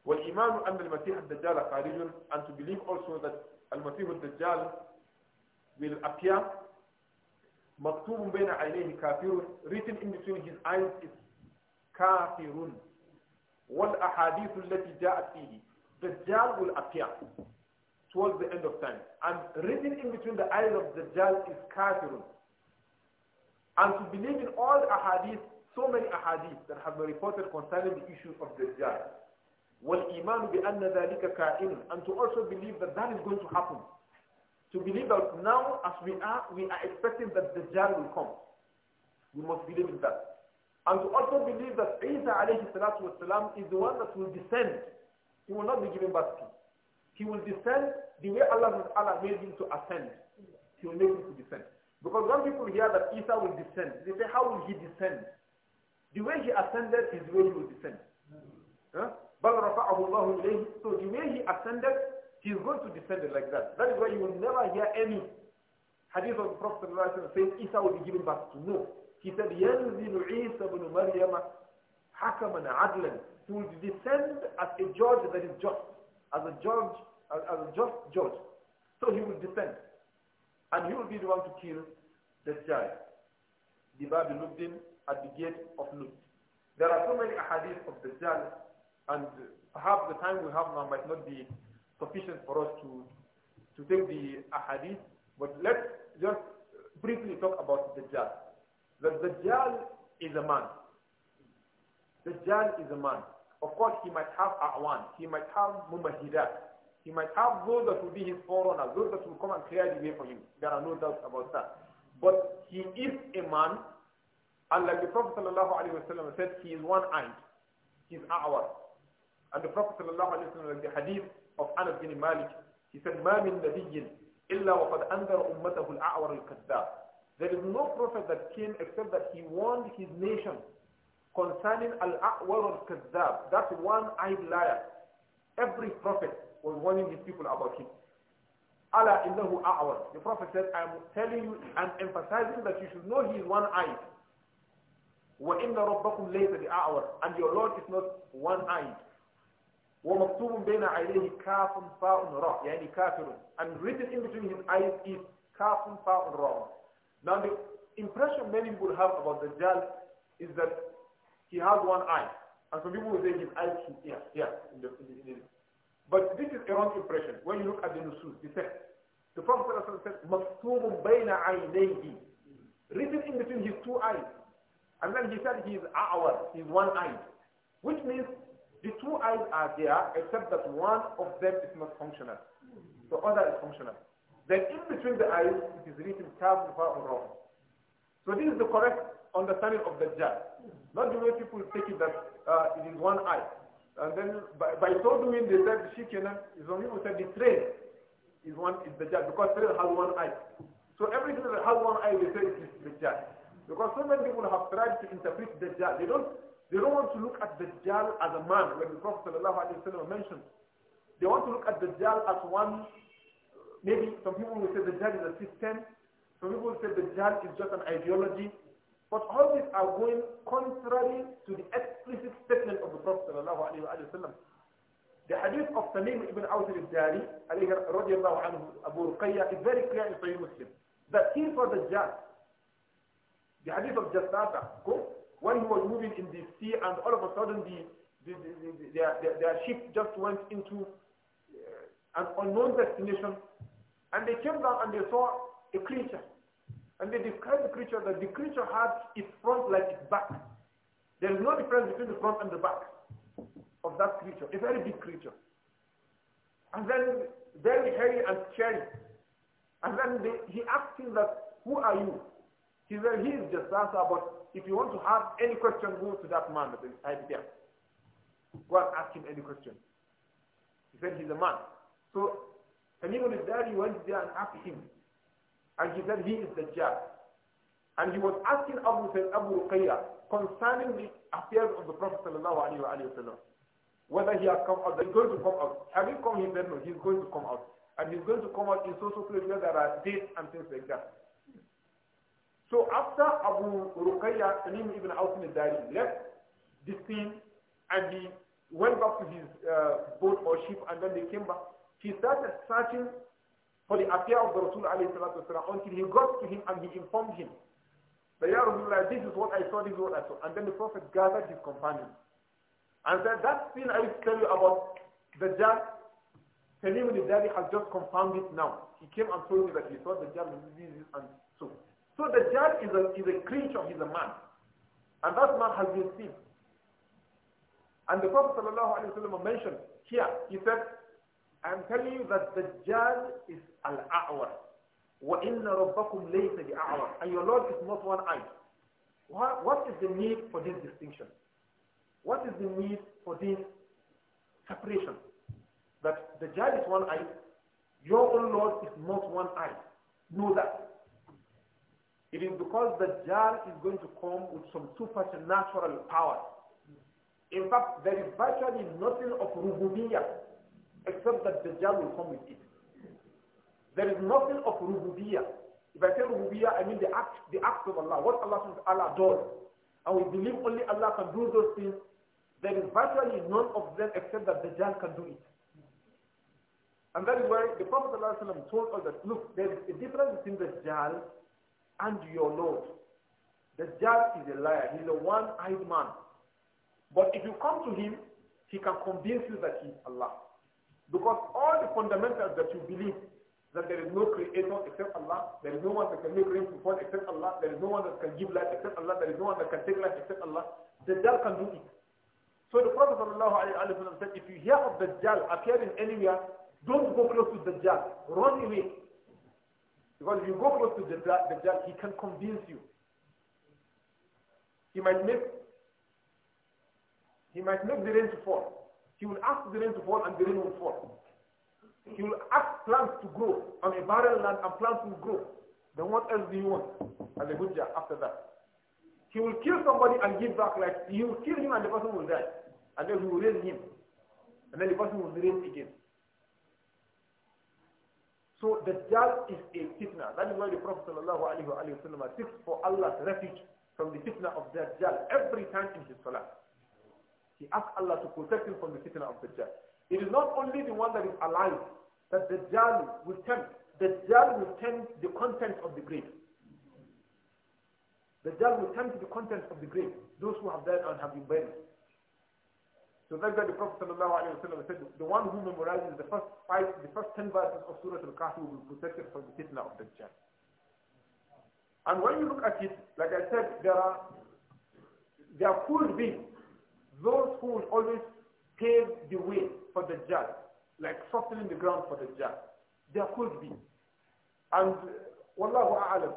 والإيمان أن المسيح الدجال خارج and to believe also that المسيح الدجال will appear مكتوب بين عينيه كافر written in between his eyes is كافر والأحاديث التي جاءت فيه Dajjal will appear towards the end of time. And reading in between the eyes of the Dajjal is kafirun. And to believe in all the ahadith, so many ahadith that have been reported concerning the issue of the Dajjal. وَالْإِيمَانُ بِأَنَّ ذَلِكَ كَائِنٌ And to also believe that that is going to happen. To believe that now as we are, we are expecting that the Dajjal will come. We must believe in that. And to also believe that Isa alayhi salatu wasalam is the one that will descend. He will not be given back to. He will descend the way Allah, Allah made him to ascend. He will make him to descend. Because when people hear that Isa will descend, they say, how will he descend? The way he ascended is the way he will descend. بَلْ So the way he ascended, he is going to descend like that. That is why you will never hear any hadith of the Prophet saying Isa will be given back to no. He said, يَنْزِلُ عِيسَى بْنُ مَرْيَمَ حَكَمًا عَدْلًا He will descend as a judge that is just as a judge, as, as a just judge. So he will defend. And he will be the one to kill the child. The Bible looked in at the gate of Lut. There are so many ahadith of the child, and perhaps the time we have now might not be sufficient for us to, to take the ahadith, but let's just briefly talk about the Dajjal. The Dajjal is a man. The Dajjal is a man. Of course, he might have A'wan, he might have Mumahidat, he might have those that will be his forerunners, those that will come and clear the way for him. There are no doubts about that. But he is a man, and like the Prophet wasallam said, he is one eyed He is A'war. And the Prophet ﷺ, like the hadith of Anas bin Malik, he said, مَا مِن نَبِيٍّ إِلَّا وَقَدْ أَنذَرَ أُمَّتَهُ الْأَعْوَرُ الْكَذَّابُ There is no prophet that came except that he warned his nation concerning Al-A'war al-Kazzab, that one-eyed liar. Every prophet was warning his people about him. Allah innahu a'war. The prophet said, I am telling you, I'm emphasizing that you should know he is one-eyed. وَإِنَّ رَبَّكُمْ لَيْسَ بِأَعْوَرٍ And your Lord is not one-eyed. وَمَكْتُوبٌ بَيْنَ عَيْنَيْهِ kafun فَاءٌ رَاءٌ يعني كافر. And written in between his eyes is kafun فَاءٌ رَاءٌ. Now the impression many would have about the Dajjal is that he has one eye. And some people will say his eyes is here, here. In the, in the, But this is a wrong impression. When you look at the Nusus, they said, the Prophet said, مَكْتُوبٌ bayna عَيْنَيْهِ Written in between his two eyes. And then he said he is a'war, he is one eye, Which means the two eyes are there except that one of them is not functional. The other is functional. Then in between the eyes, it is written, تَابُ So this is the correct understanding of the jah, Not the way people take it that uh, it is one eye. And then by, by so doing, they said Shikena is only who said the trail is one is Dajjal because trail has one eye. So everything that has one eye, they say it is jah, Because so many people have tried to interpret the jah They don't, they don't want to look at the jah as a man, when the Prophet ﷺ mentioned. They want to look at the jah as one, maybe some people will say the jah is a system. Some people will say the jah is just an ideology. But all these are going contrary to the explicit statement of the Prophet sallallahu The hadith of Salim ibn Awd al-Dari, radiallahu anhu, Abu Ruqayya, is very clear in Sahih Muslim. That he for the judge, the hadith of Jasata, when he was moving in the sea and all of a sudden the, the, the, their, their ship just went into uh, an unknown destination and they came down and they saw a creature and they describe the creature that the creature has its front like its back. There is no difference between the front and the back of that creature. A very big creature. And then very hairy and scary. And then they, he asked him that, who are you? He said, he is just answer, but if you want to have any question, go to that man that is inside there. Go and ask him any question. He said, he's a man. So, and even if that, he went there and asked him, and he said he is the judge. And he was asking Abu Sayyid Abu Ruqayya concerning the affairs of the Prophet sallallahu alaihi wasallam, whether he has come out, he's going to come out. having come? He said no, he's going to come out, and he's going to come out in social places where there are dates and things like that. So after Abu Ruqayya, Salim ibn Awsim al-Dari left the scene and he went back to his uh, boat or ship and then they came back. He started searching for the affair of the Rasul until he got to him and he informed him. The Ya Rasulullah, this is what I saw, this is what I saw. And then the Prophet gathered his companions and said, that thing I used to tell you about the jar, Tanimu the Dari has just confirmed it now. He came and told me that he saw the jar and so. So the jar is a, is a creature, he's a man. And that man has been seen. And the Prophet ﷺ mentioned here, he said, I'm telling you that the Dajjal is al-a'war. And your Lord is not one-eyed. eye. is the need for this distinction? What is the need for this separation? That the judge is one eye, your own Lord is not one eye. Know that. It is because the judge is going to come with some supernatural power. In fact, there is virtually nothing of rububiyyah except that Dajjal will come with it. There is nothing of rububiyyah. If I say rububiyyah, I mean the act, the act of Allah, what Allah Allah does. And we believe only Allah can do those things. There is virtually none of them except that Dajjal can do it. And that is why the Prophet ﷺ told us that, look, there is a difference between Dajjal and your Lord. Dajjal is a liar. He's a one-eyed man. But if you come to him, he can convince you that he is Allah. Because all the fundamentals that you believe, that there is no creator except Allah, there is no one that can make rain to fall except Allah, there is no one that can give life except Allah, there is no one that can take life except Allah, Dajjal can do it. So the Prophet ﷺ said, if you hear of Dajjal appearing anywhere, don't go close to Dajjal, run away. Because if you go close to the Dajjal he can convince you. He might make he might make the rain to fall. He will ask the rain to fall and the rain will fall. He will ask plants to grow on a barren land and plants will grow. Then what else do you want as a hujjah after that? He will kill somebody and give back life. he will kill him and the person will die. And then he will raise him. And then the person will raise again. So the Dajjal is a fitna. That is why the Prophet ﷺ seeks for Allah's refuge from the fitna of Dajjal every time in his salah. He asked Allah to protect him from the fitna of Dajjal. It is not only the one that is alive that Dajjal will tempt. Dajjal will tempt the contents of the grave. Dajjal will tempt the contents of the grave, those who have died and have been buried. So that's why the Prophet ﷺ said, the one who memorizes the first five, the first ten verses of Surah Al-Kahf will be protected from the fitna of Dajjal. And when you look at it, like I said, there are there could be those who will always pave the way for the judge, like softening the ground for the judge, there could be. And Wallahu A'lam,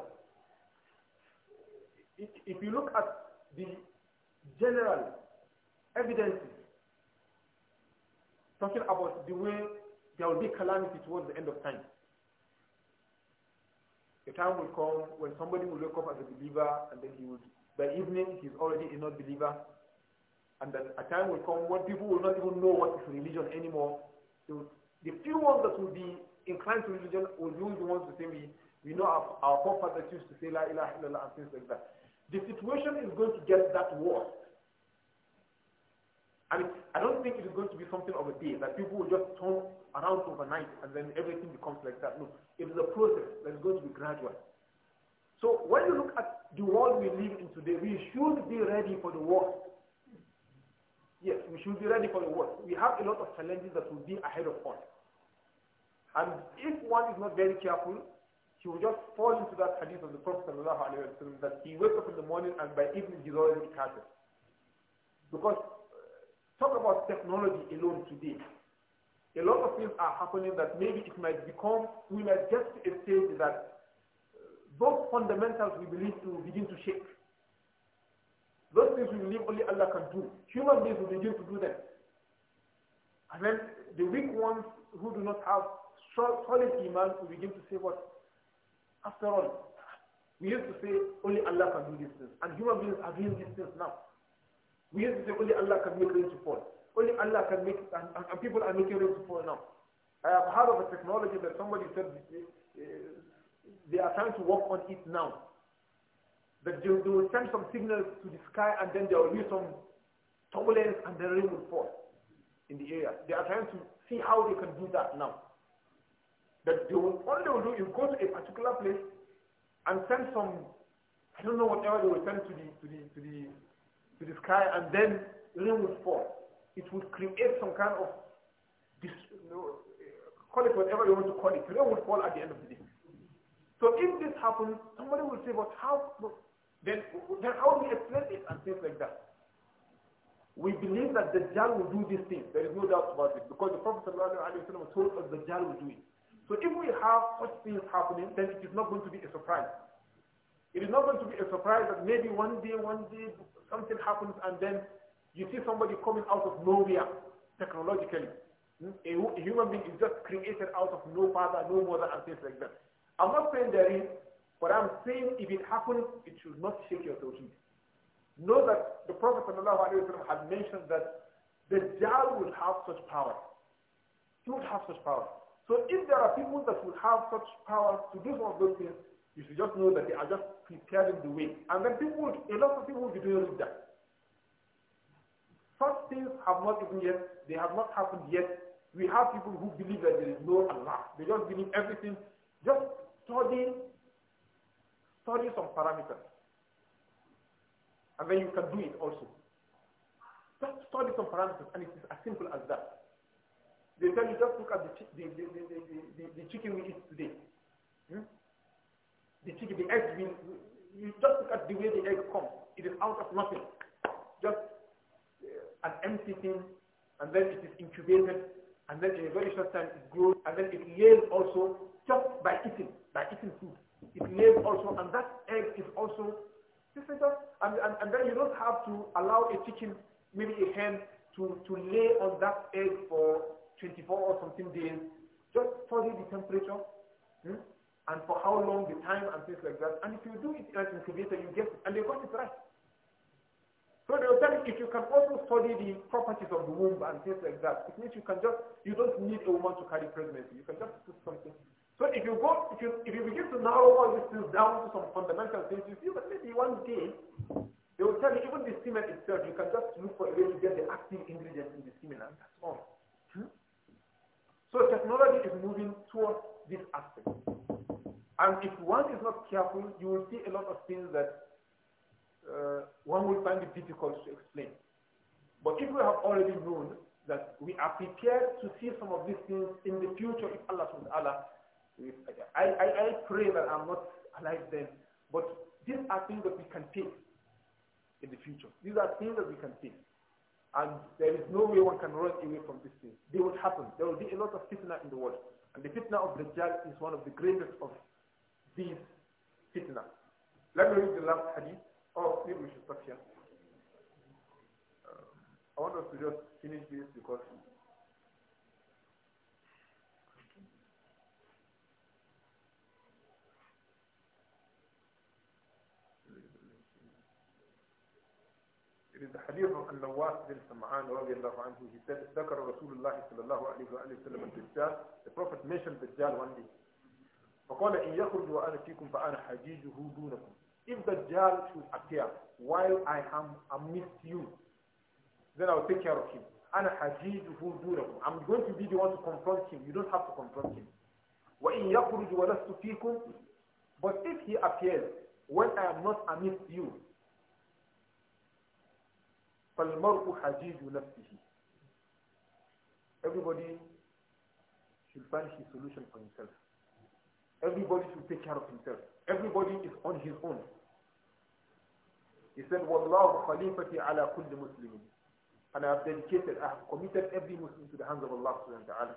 if you look at the general evidences talking about the way there will be calamity towards the end of time. The time will come when somebody will wake up as a believer and then he will, by evening, he's already a non-believer. And that a time will come when people will not even know what is religion anymore. So the few ones that will be inclined to religion will be the ones to say, we, we know our, our forefathers used to say La ilaha illallah and things like that. The situation is going to get that worse. I mean, I don't think it is going to be something of a day that people will just turn around overnight and then everything becomes like that. No, it is a process that is going to be gradual. So when you look at the world we live in today, we should be ready for the worst. Yes, we should be ready for the worst. We have a lot of challenges that will be ahead of us. And if one is not very careful, he will just fall into that hadith of the Prophet ﷺ that he wakes up in the morning and by evening he's already careful. Because uh, talk about technology alone today. A lot of things are happening that maybe it might become, we might get to a stage that uh, those fundamentals we believe to begin to shake. Those things we believe only Allah can do. Human beings will begin to do them. And then the weak ones who do not have solid iman will begin to say what? After all, we used to say only Allah can do these things. And human beings are doing these things now. We used to say only Allah can make rain to fall. Only Allah can make, and, and, and people are making rain to fall now. I have heard of a technology that somebody said uh, uh they are trying to work on it now that they, they will send some signals to the sky and then there will be some turbulence and the rain will fall in the area. They are trying to see how they can do that now. That they will, all they will do is go to a particular place and send some, I don't know whatever they will send to the, to the, to the, to the sky and then rain will fall. It will create some kind of, dis, you know, call it whatever you want to call it. Rain will fall at the end of the day. So if this happens, somebody will say, but how, then, then how we explain it and things like that. We believe that the Dajjal will do these things. There is no doubt about it. Because the Prophet ﷺ told us Dajjal will do it. So if we have such things happening, then it is not going to be a surprise. It is not going to be a surprise that maybe one day, one day, something happens and then you see somebody coming out of nowhere technologically. A, a human being is just created out of no father, no mother, and things like that. I'm not saying there is but I'm saying if it happens, it should not shake your tawheed. Know that the Prophet ﷺ had mentioned that the Jal will have such power. He will have such power. So if there are people that will have such power to do some of those things, you should just know that they are just preparing the way. And then people, would, a lot of people will be doing that. Such things have not even yet, they have not happened yet. We have people who believe that there is no Allah. They just believe everything. Just studying study some parameters. And then you can do it also. Just study some parameters and it is as simple as that. They tell you just look at the, the, the, the, the, the chicken we eat today. Hmm? The chicken, the egg, we, you just look at the way the egg comes. It is out of nothing. Just uh, an empty thing and then it is incubated and then in a very short time it grows and then it lays also just by eating, by eating food. It lays also, and that egg is also, you see that? And, and, and then you don't have to allow a chicken, maybe a hen, to, to lay on that egg for 24 or something days. Just study the temperature hmm? and for how long the time and things like that. And if you do it in an incubator, you get it. And you got it right. So they will tell you if you can also study the properties of the womb and things like that, it means you can just, you don't need a woman to carry pregnancy. You can just do something so if you go, if you, if you begin to narrow all these things down to some fundamental things, you see that maybe one day they will tell you even the semen itself, you can just look for a way to get the active ingredient in the semen and that's all. Hmm? So technology is moving towards this aspect. And if one is not careful, you will see a lot of things that uh, one will find it difficult to explain. But if we have already known that we are prepared to see some of these things in the future if Allah subhanahu wa ta'ala I, I, I pray that I'm not alive then. But these are things that we can take in the future. These are things that we can take. And there is no way one can run away from these things. They will happen. There will be a lot of fitna in the world. And the fitna of Dajjal is one of the greatest of these fitna. Let me read the last hadith. Oh, maybe we should stop here. Um, I want us to just finish this because is the hadith of Al-Nawas bin Sam'an radiallahu anhu. He said, Dakar Rasulullah sallallahu alayhi wa sallam al-Dajjal. The Prophet mentioned Dajjal one day. If Dajjal should appear while I am amidst you, then take care of him. I'm going to be the one to confront him. You don't have to confront him. But if he appears when I am not amidst you, فَالْمَرْءُ حَجِيجُ نَفْسِهِ Everybody should find his solution for himself. Everybody should take care of himself. Everybody is on his own. He said, وَاللَّهُ خَلِيفَتِي عَلَى كُلِّ مُسْلِمٍ And I have dedicated, I have committed every Muslim to the hands of Allah subhanahu wa ta'ala.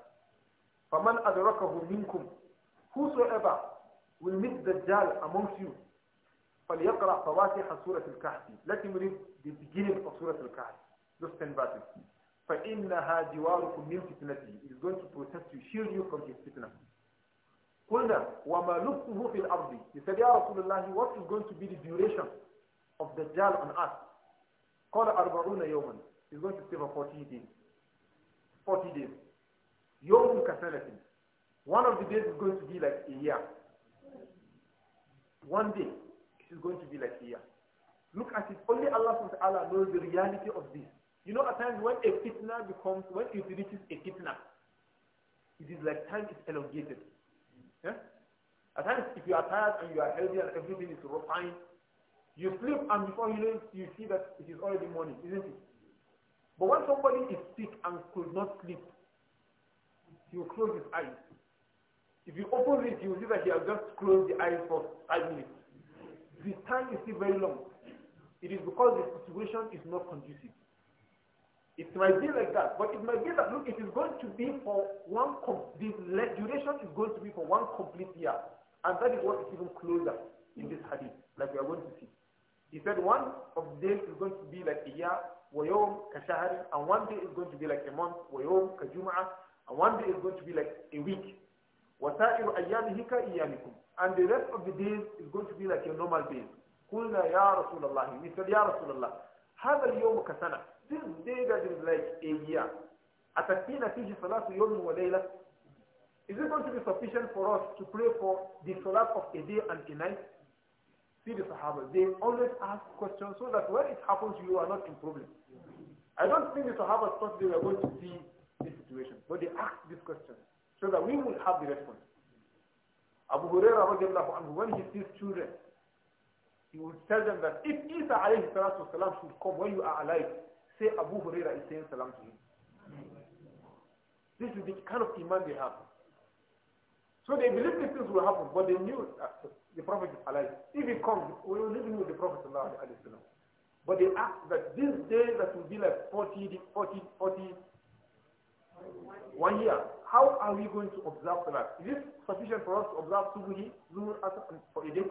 فَمَنْ أَدْرَكَهُ مِنْكُمْ Whosoever will meet the Dajjal amongst you, فليقرأ فواتح سورة الكهف Let him read the beginning of Surah al 10 verses فإنها جواركم من فتنته is going to protect you, shield you from his fitness قلنا وما لبثه في الأرض He said يا رسول الله what is going to be the duration of Dajjal on earth قال أربعون يوما is going to stay for 40 days 40 days يوم كسنة One of the days is going to be like a year. One day is going to be like here. Look at it. Only Allah subhanahu wa ta'ala knows the reality of this. You know, at times when a fitna becomes, when it reaches a fitna, it is like time is elongated. Yeah? At times, if you are tired and you are healthy and everything is fine, you sleep and before you know it, you see that it is already morning, isn't it? But when somebody is sick and could not sleep, he will close his eyes. If you open it, you will see that he has just closed the eyes for five minutes the time is still very long. It is because the situation is not conducive. It might be like that, but it might be that look, it is going to be for one This duration is going to be for one complete year, and that is what is even closer in this hadith, like we are going to see. He said one of the days is going to be like a year, wayom كَشَهَرٍ And one day is going to be like a month, wayom كَجُمْعَةٍ And one day is going to be like a week. And the rest of the days is going to be like your normal days. We said, "Ya Rasulullah, هذا اليوم كسنة This day that is like a year. أَتَكْفِينَ فِيهِ صَلَاةُ يَوْمٍ وَلَيْلَةٍ Is it going to be sufficient for us to pray for the salat of a day and a night? See the Sahaba, they always ask questions so that when it happens, you are not in problem. I don't think the Sahaba thought they were going to see this situation, but they asked this question so that we will have the response. Abu Hurairah when he sees children, he would tell them that if Isa alayhi salatu salam should come when you are alive, say Abu Huraira is saying salam to him. This is the kind of iman they have. So they believe these things will happen, but they knew the Prophet is alive. If he comes, we will live with the Prophet alayhi But they asked that this day that will be like 40, 40, 40 one year. How are we going to observe Salah? Is it sufficient for us to observe Subuhi, Zuhur, Asr for a day?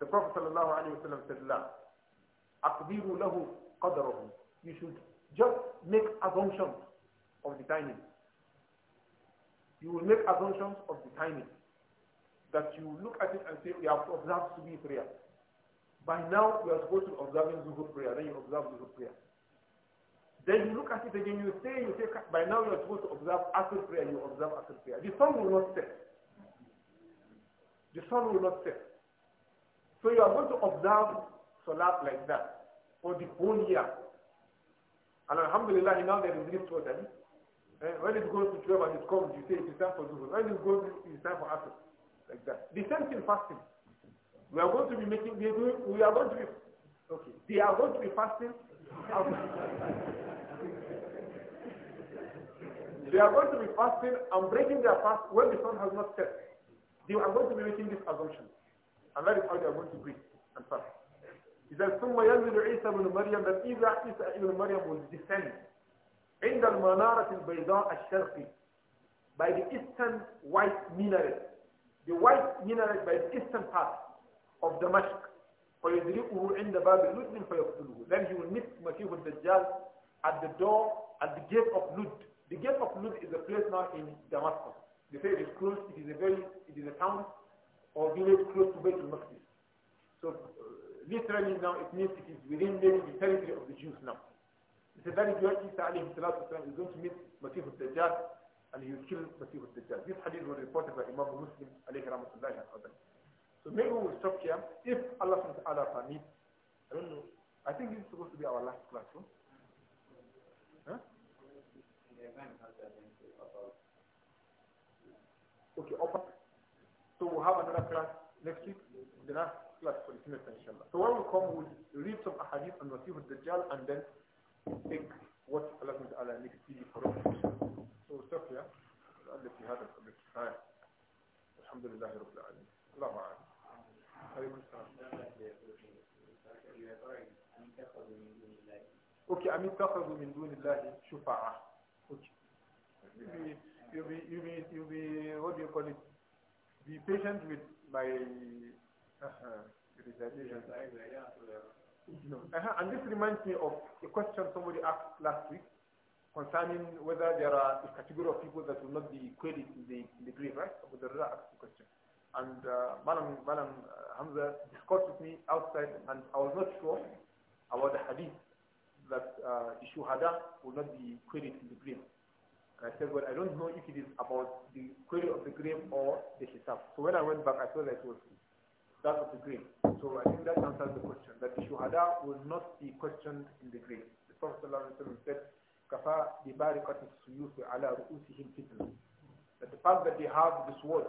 The Prophet ﷺ said, La. أقدير له قدره. You should just make assumptions of the timing. You will make assumptions of the timing. That you look at it and say, we have to observe Subuhi prayer. By now, we are supposed to be observing Zuhur prayer. Then you observe Zuhur prayer. Then you look at it again, you say, you say, by now you're supposed to observe after prayer, you observe after prayer. The sun will not set. The sun will not set. So you are going to observe Salat like that for the whole year. And Alhamdulillah, now there is this water. Eh, when it goes to 12 and it comes, you say it's time for Zuhur. When it goes, it's time for Asr. Like that. The same thing fasting. We are going to be making, we are going to be, okay, they are going to be fasting they are going to be fasting and breaking their fast when the sun has not set. They are going to be making this assumption. And that is how they are going to breathe and fast. He says, ثم ينزل عيسى بن مريم that إذا عيسى ابن مريم will descend عند المنارة البيضاء الشرقي by the eastern white minaret, the white minaret by the eastern part of Damascus. فيدركه عند باب لد فيقتله then he will meet with the dajjal at the door at the gate of Lud the gate of Lud is a place now in Damascus they say it is close it is a very it is a town or village close to Beit al-Maqdis so uh, literally now it means it is within the territory of the Jews now so that is where Isa alayhi salatu is going to meet with the dajjal and he will kill with the dajjal this hadith was reported by Imam Muslim alayhi rahmatullahi wa sallam so maybe we'll stop here if Allah subhanahu wa ta'ala permits. I don't know. I think this is supposed to be our last class, huh? huh? Okay, open. So we'll have another class next week, the last class for the semester, inshallah. So when we come, we'll read some ahadith and Masih the dajjal and then take what Allah subhanahu wa ta'ala makes for us. So we'll stop here. التي هذا الامر الحمد لله رب العالمين اللهم اعلم Okay, I mean, تَخَذُوا مِن دُونِ اللَّهِ شُفَعَةً Okay. You'll be, you'll be, you'll be, you'll be, what do you call it? Be patient with my, uh-huh, No. Uh-huh. And this reminds me of a question somebody asked last week concerning whether there are a category of people that will not be equated in the, in the grave, right? Abu Darra asked the question and uh, Madam, Madam uh, Hamza discussed with me outside, and I was not sure about the hadith that uh, the shuhada will not be queried in the grave. And I said, well, I don't know if it is about the query of the grave or the hisab. So when I went back, I saw that it was that of the grave. So I think that answers the question, that the shuhada will not be questioned in the grave. The Prophet ﷺ said, كَفَى بِبَارِقَةِ السُّيُوفِ ala رُؤُوسِهِمْ فِتْنَةً That the fact that they have this word.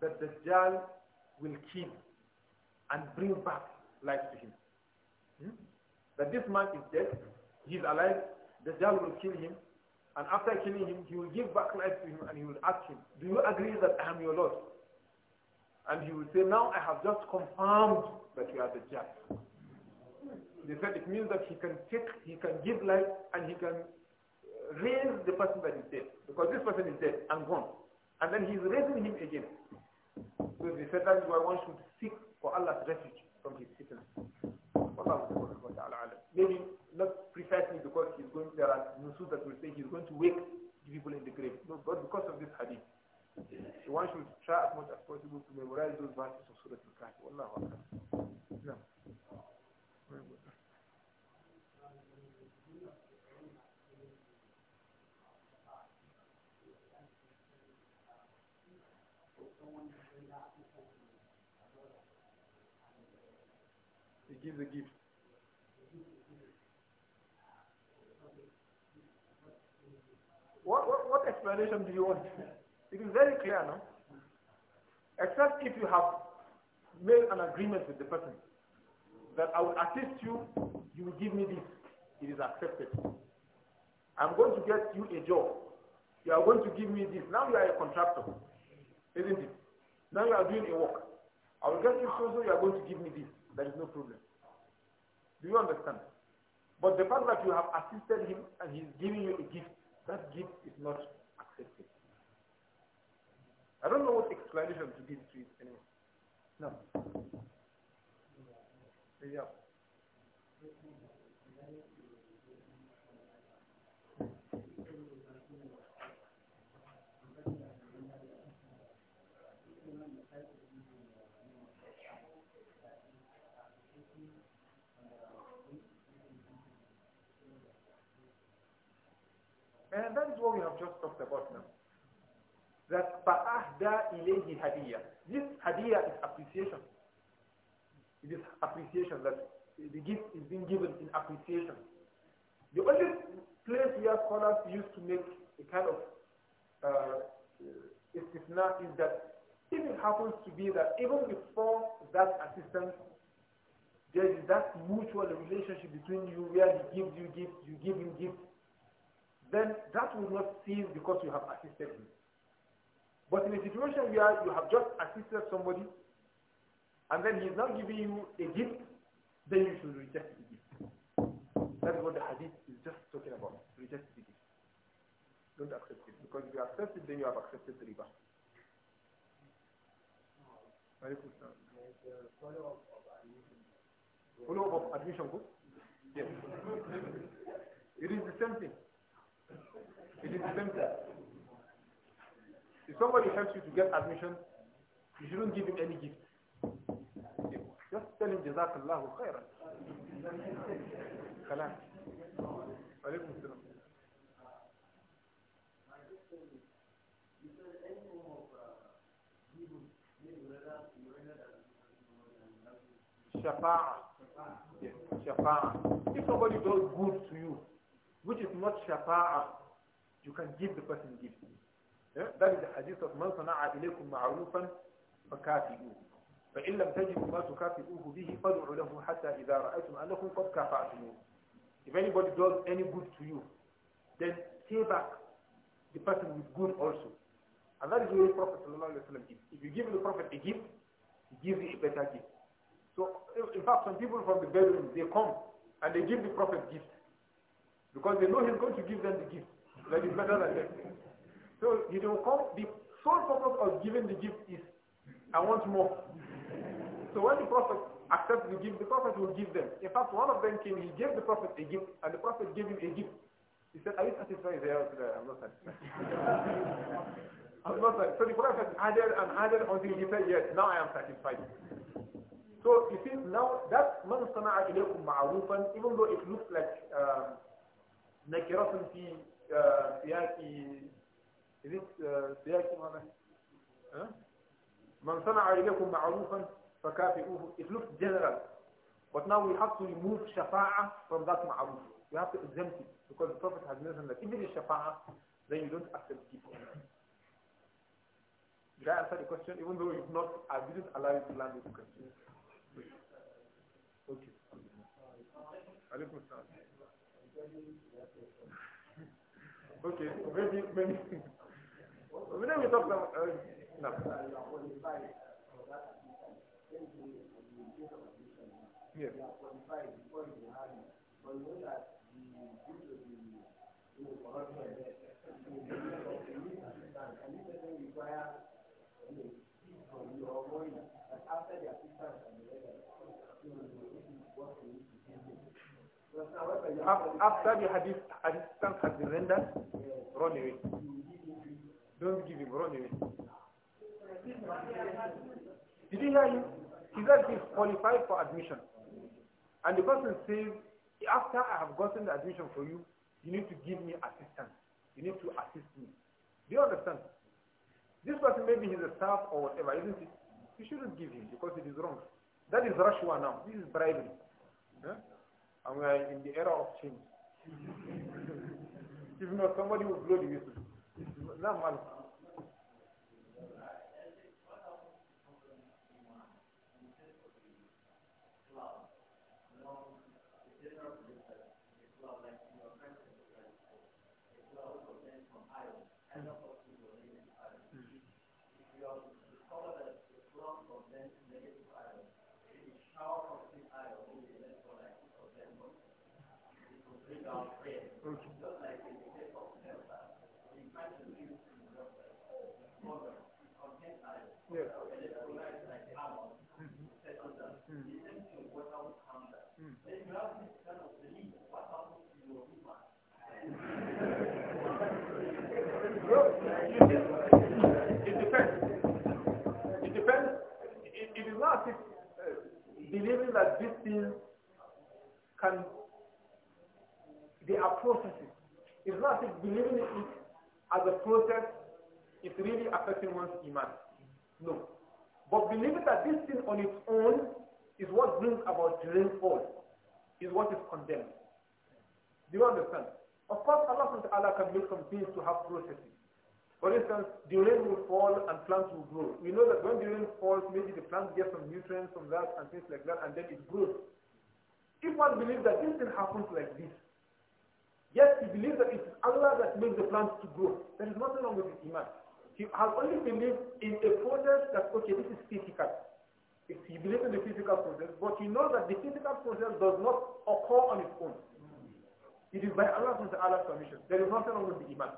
that Dajjal will kill and bring back life to him. Hmm? That this man is dead, he's alive. The Dajjal will kill him, and after killing him, he will give back life to him and he will ask him, do you agree that I am your Lord? And he will say, now I have just confirmed that you are the judge. They said it means that he can take, he can give life and he can raise the person that is dead. Because this person is dead and gone. And then he is raising him again. So they said that is why one should seek for Allah's refuge from his sickness. Maybe not precisely because he's going there are nusus that will say he's going to wake the people in the grave. No, but because of this hadith. So one should try as much as possible to memorize those verses of Surah Al-Kahf. Wallahu no. He gives a gift. What, what, what explanation do you want? It is very clear, no? Except if you have made an agreement with the person that I will assist you, you will give me this. It is accepted. I'm going to get you a job. You are going to give me this. Now you are a contractor. Isn't it? Now you are doing a work. I will get you so so you are going to give me this. There is no problem. Do you understand? But the fact that you have assisted him and he's giving you a gift, that gift is not accepted. I don't know what explanation to give to it anyway. No. Yeah. And that is what we have just talked about now. That فَأَهْدَى إِلَيْهِ هَدِيَّةً This hadiyah is appreciation. It is appreciation that the gift is being given in appreciation. The only place where scholars used to make a kind of uh, istisna is that if it happens to be that even before that assistance, there is that mutual relationship between you where he gives you gifts, you give him gifts, then that will not cease because you have assisted him. But in a situation where you have just assisted somebody, and then he is not giving you a gift, then you should reject the gift. That's what the hadith is just talking about. Reject the gift. Don't accept it. Because if you accept it, then you have accepted the riba. Follow-up of admission good? Yes. it is the same thing. It is the same thing. If somebody helps you to get admission, you shouldn't give him any gift. Just tell him Jazakallahu khairan. Salam. Alaykum salam. Shafa'a. Yes. Shafa'a. If somebody does good to you, which is not shafa'a. you can give the person gift. Yeah? That is the hadith of من صنع إليكم معروفا فكافئوه فإن لم تجدوا ما تكافئوه به فادعوا له حتى إذا رأيتم أنكم قد كافأتموه If anybody does any good to you, then pay back the person with good also. And that is the way the Prophet ﷺ gives. If you give the Prophet a gift, he gives you a better gift. So, in fact, some people from the Bedouin they come and they give the Prophet gifts. Because they know he's going to give them the gift that is better than them. So he will come, the sole purpose of giving the gift is, I want more. So when the Prophet accepts the gift, the Prophet will give them. In fact, one of them came, he gave the Prophet a gift, and the Prophet gave him a gift. He said, are you satisfied? There, I'm not satisfied. *laughs* I'm not satisfied. So the Prophet added and added until he said, yes, now I am satisfied. So you see, now that man sana'a ilaykum ma'arufan, even though it looks like um, نكرة في سياق سياق ماذا؟ من صنع إليكم معروفا فكافئوه it looks general but now we have to remove shafa'a from that ma'ruf we have to exempt it because the Prophet has mentioned that if it is shafa'a then you don't accept it did I answer the question even though you've not I didn't allow you to land the question okay عليكم السلام Okay, maybe, maybe. Whenever we talk about. Uh, no. Yeah. After the hadith, assistance has been rendered, run away. Don't give him, run away. Did you hear him? He said he's qualified for admission. And the person says, after I have gotten the admission for you, you need to give me assistance. You need to assist me. Do you understand? This person maybe he's a staff or whatever, isn't it? You shouldn't give him because it is wrong. That is Rashwa now. This is bribery. And we are in the era of change. if not, somebody will blow the whistle. Not man. Thank you. uh, believing that these things can, they are processes. It's not believing it as a process is really affecting one's iman. No. But believing that this thing on its own is what brings about rainfall, is what is condemned. Do you understand? Of course, Allah subhanahu wa ta'ala can make some things to have processes. For instance, the rain will fall and plants will grow. We know that when the rain falls, maybe the plants get some nutrients from that and things like that, and then it grows. If one believes that this thing happens like this, yet he believes that it is Allah that makes the plants to grow, there is nothing wrong with his iman. He has only believed in a process that, okay, this is physical. If he believes in the physical process, but he knows that the physical process does not occur on its own. It is by Allah's permission. There is nothing wrong with the iman.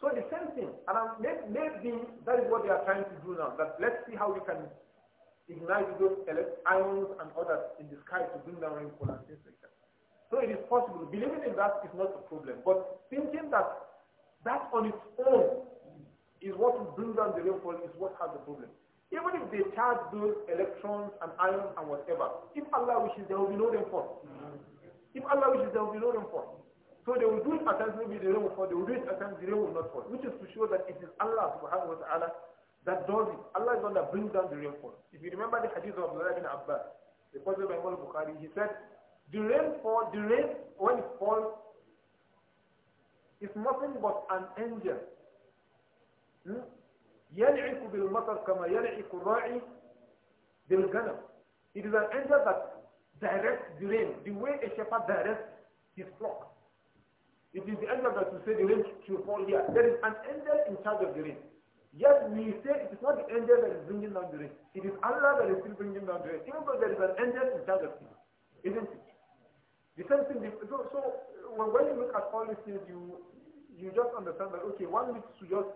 So the same thing, and maybe that is what they are trying to do now, that let's see how we can ignite those ions and others in the sky to bring down rainfall and things like that. So it is possible. Believing in that is not a problem. But thinking that that on its own is what will bring down the rainfall is what has the problem. Even if they charge those electrons and ions and whatever, if Allah wishes, there will be no rainfall. Mm-hmm. If Allah wishes, there will be no rainfall. So they will do it at times, maybe the will fall. They will do it at times, the will not fall. Which is to show that it is Allah subhanahu wa ta'ala that does it. Allah is the one that brings down the rainfall. If you remember the hadith of Abdullah ibn Abbas, reported by Imam Bukhari, he said, the rainfall, the rain, when it falls, is nothing but an angel. Hmm? يلعق بالمطر كما يلعق الراعي بالغنم. It is an angel that directs the rain, the way a shepherd directs his flock. It is the angel that will say the rain should fall here. There is an angel in charge of the rain. Yet we say it is not the angel that is bringing down the rain. It is Allah that is still bringing down the rain. Even though there is an angel in charge of it. not it? The same thing, so, so when you look at all these things, you, you just understand that, okay, one needs to just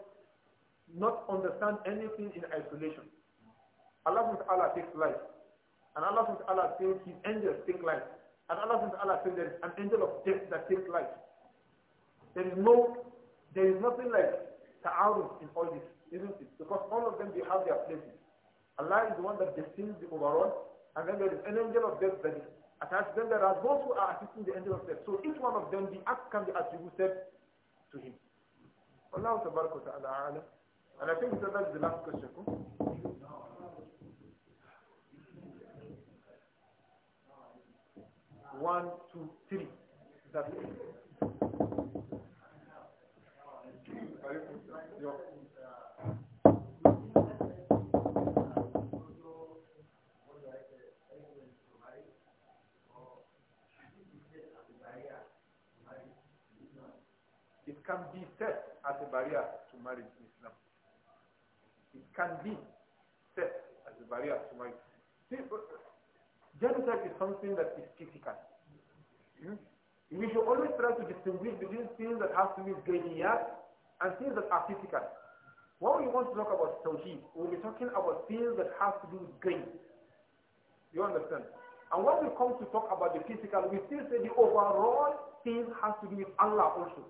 not understand anything in isolation. Allah says Allah takes life. And Allah says Allah says his angels take life. And Allah says Allah says there is an angel of death that takes life. There is no, there is nothing like ta'aruf in all this, isn't it? Because all of them, they have their places. Allah is the one that destines the overall, and then there is an angel of death that is attached. Then there are those who are assisting the angel of death. So each one of them, the act can be attributed to him. Allah ta'ala And I think that is the last question. One, two, three. That's it. can be set as a barrier to marriage in Islam. It can be set as a barrier to marriage. See, genocide is something that is physical. -hmm. We should always try to distinguish between things that have to do with gaydiyat and things that are physical. When we want to talk about tawheed, we'll be talking about things that have to do with gain. You understand? And when we come to talk about the physical, we still say the overall thing has to do with Allah also.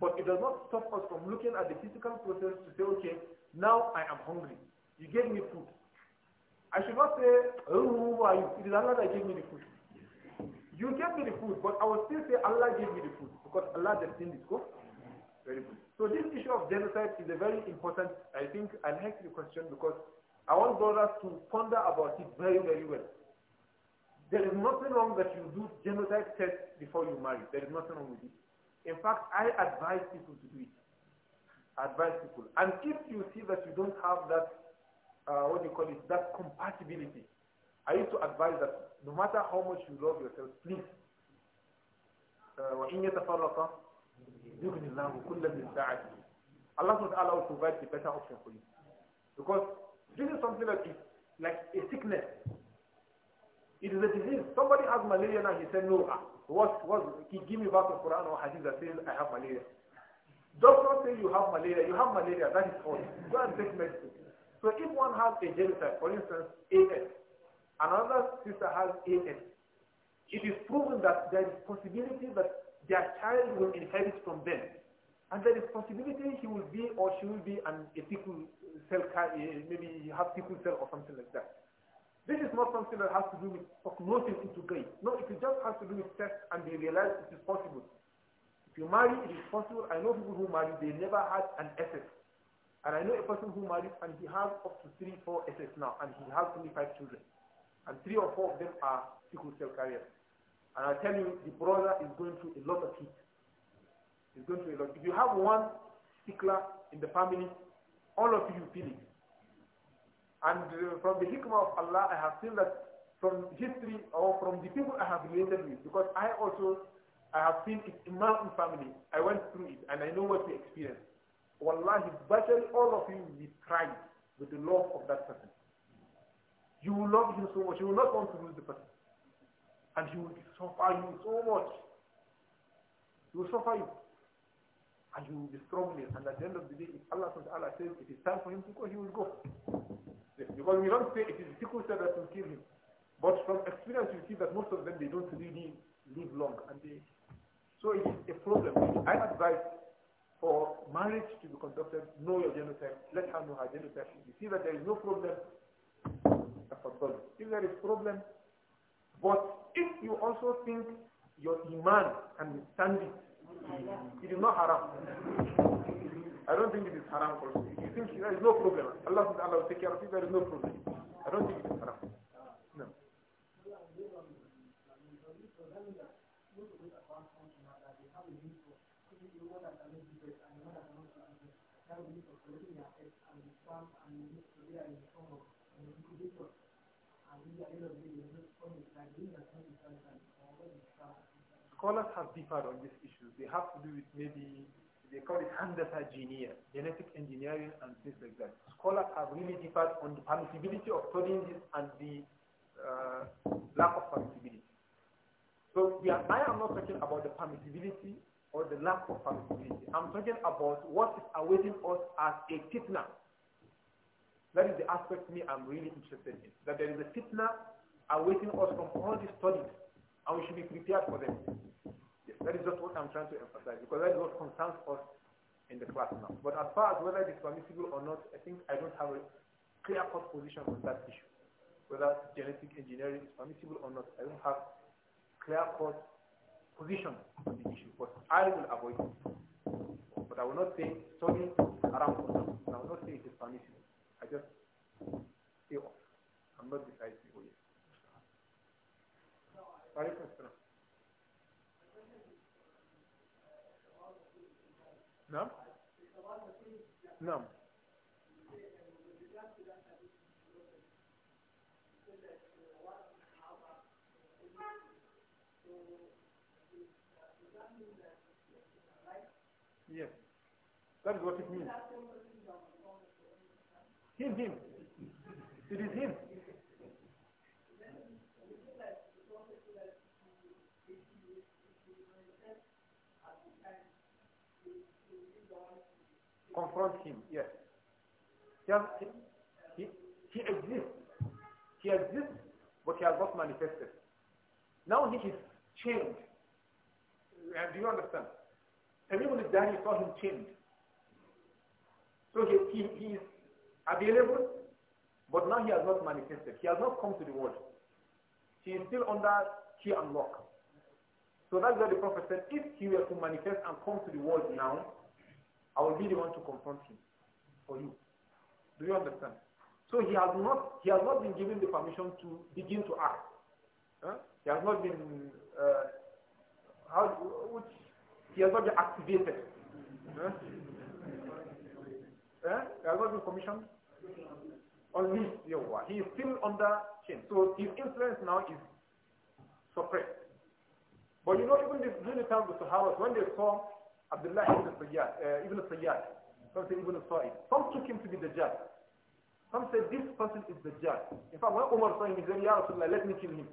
But it does not stop us from looking at the physical process to say, okay, now I am hungry. You gave me food. I should not say, oh, who are you? It is Allah that gave me the food. You gave me the food, but I will still say Allah gave me the food because Allah destined this. Go. Very good. So this issue of genocide is a very important, I think, and like the question because I want brothers to ponder about it very, very well. There is nothing wrong that you do genocide test before you marry. There is nothing wrong with it. In fact, I advise people to do it. advise people. And if you see that you don't have that, uh, what do you call it, that compatibility, I used to advise that no matter how much you love yourself, please, uh, وَإِنْ يَتَفَرَّقَ يُغْنِ اللَّهُ كُلَّ مِنْ سَعَدِهِ Allah SWT will provide the better option for you. Because this is something that is like a sickness. It is a disease. Somebody has malaria and he said, no, ah, what, what, give me back the Quran or Hadith that says I have malaria. Doctor say you have malaria. You have malaria. That is all. Go and take medicine. So if one has a genetic, for instance, AS, another sister has AS, it is proven that there is possibility that their child will inherit from them. And there is possibility he will be or she will be an, a sickle cell, eh, maybe you have sickle cell or something like that. This is not something that has to do with prognosis into gay. No, it just has to do with test and they realize it is possible. If you marry, it is possible. I know people who marry, they never had an SS. And I know a person who married and he has up to three, four SS now, and he has only five children. And three or four of them are sickle cell carriers. And I tell you, the brother is going through a lot of heat. He's going through a lot. If you have one sickler in the family, all of you feel it. And uh, from the hikmah of Allah, I have seen that from history or from the people I have related with, because I also, I have seen it in my own family. I went through it and I know what experienced. experience. Wallahi, virtually all of you will be crying with the love of that person. You will love him so much, you will not want to lose the person. And he will suffer you so much. He will suffer you and you will be struggling. And at the end of the day, if Allah subhanahu Allah says it is time for him to go, he will go. Because we don't say it is sickle cell that will kill him. But from experience you see that most of them they don't really live long and they so it is a problem. I advise for marriage to be conducted, know your genotype, let her know her genotype. If you see that there is no problem, if there is problem, but if you also think your iman can withstand it, it is not haram. I don't think it is haram for you. If you think there is no problem, Allah says Allah will take care of it, there is no problem. I don't think it is haram. No. Scholars have differed on these issues. They have to do with maybe they call it genetic engineering and things like that. Scholars have really differed on the permissibility of studying this and the uh, lack of permissibility. So are, I am not talking about the permissibility or the lack of permissibility. I'm talking about what is awaiting us as a fitna. That is the aspect me I'm really interested in. That there is a fitna awaiting us from all these studies and we should be prepared for them trying to emphasize because that is what concerns us in the class now. But as far as whether it is permissible or not, I think I don't have a clear-cut position on that issue. Whether genetic engineering is permissible or not, I don't have clear-cut position on the issue. But I will avoid it. But I will not say something around for I will not say it is permissible. I just stay off. I'm not deciding for you. نعم نعم Yes. That is what it means. Him, him. It is him. confront him. Yes. Just he, he exists. He exists, but he has not manifested. Now he is chained. Uh, do you understand? Everyone is dying, saw him chained. So he, he, he is available, but now he has not manifested. He has not come to the world. He is still under key and lock. So that's why the Prophet said, if he were to manifest and come to the world now, I will be the one to confront him for you. Do you understand? So he has not he has not been given the permission to begin to act. Huh? He has not been uh, how which he has not been activated. Huh? huh? He has not been commissioned. Unleashed, Yahweh. He is still under chain. So his influence now is suppressed. But you know, even during the of the when they saw Abdullah ibn Sayyad, uh, Ibn Sayyad, some say Ibn Sa'id. Some took him to be judge. Some said this person is the judge. In fact, when Umar saw him, he said, Ya Rasulullah, let me kill him.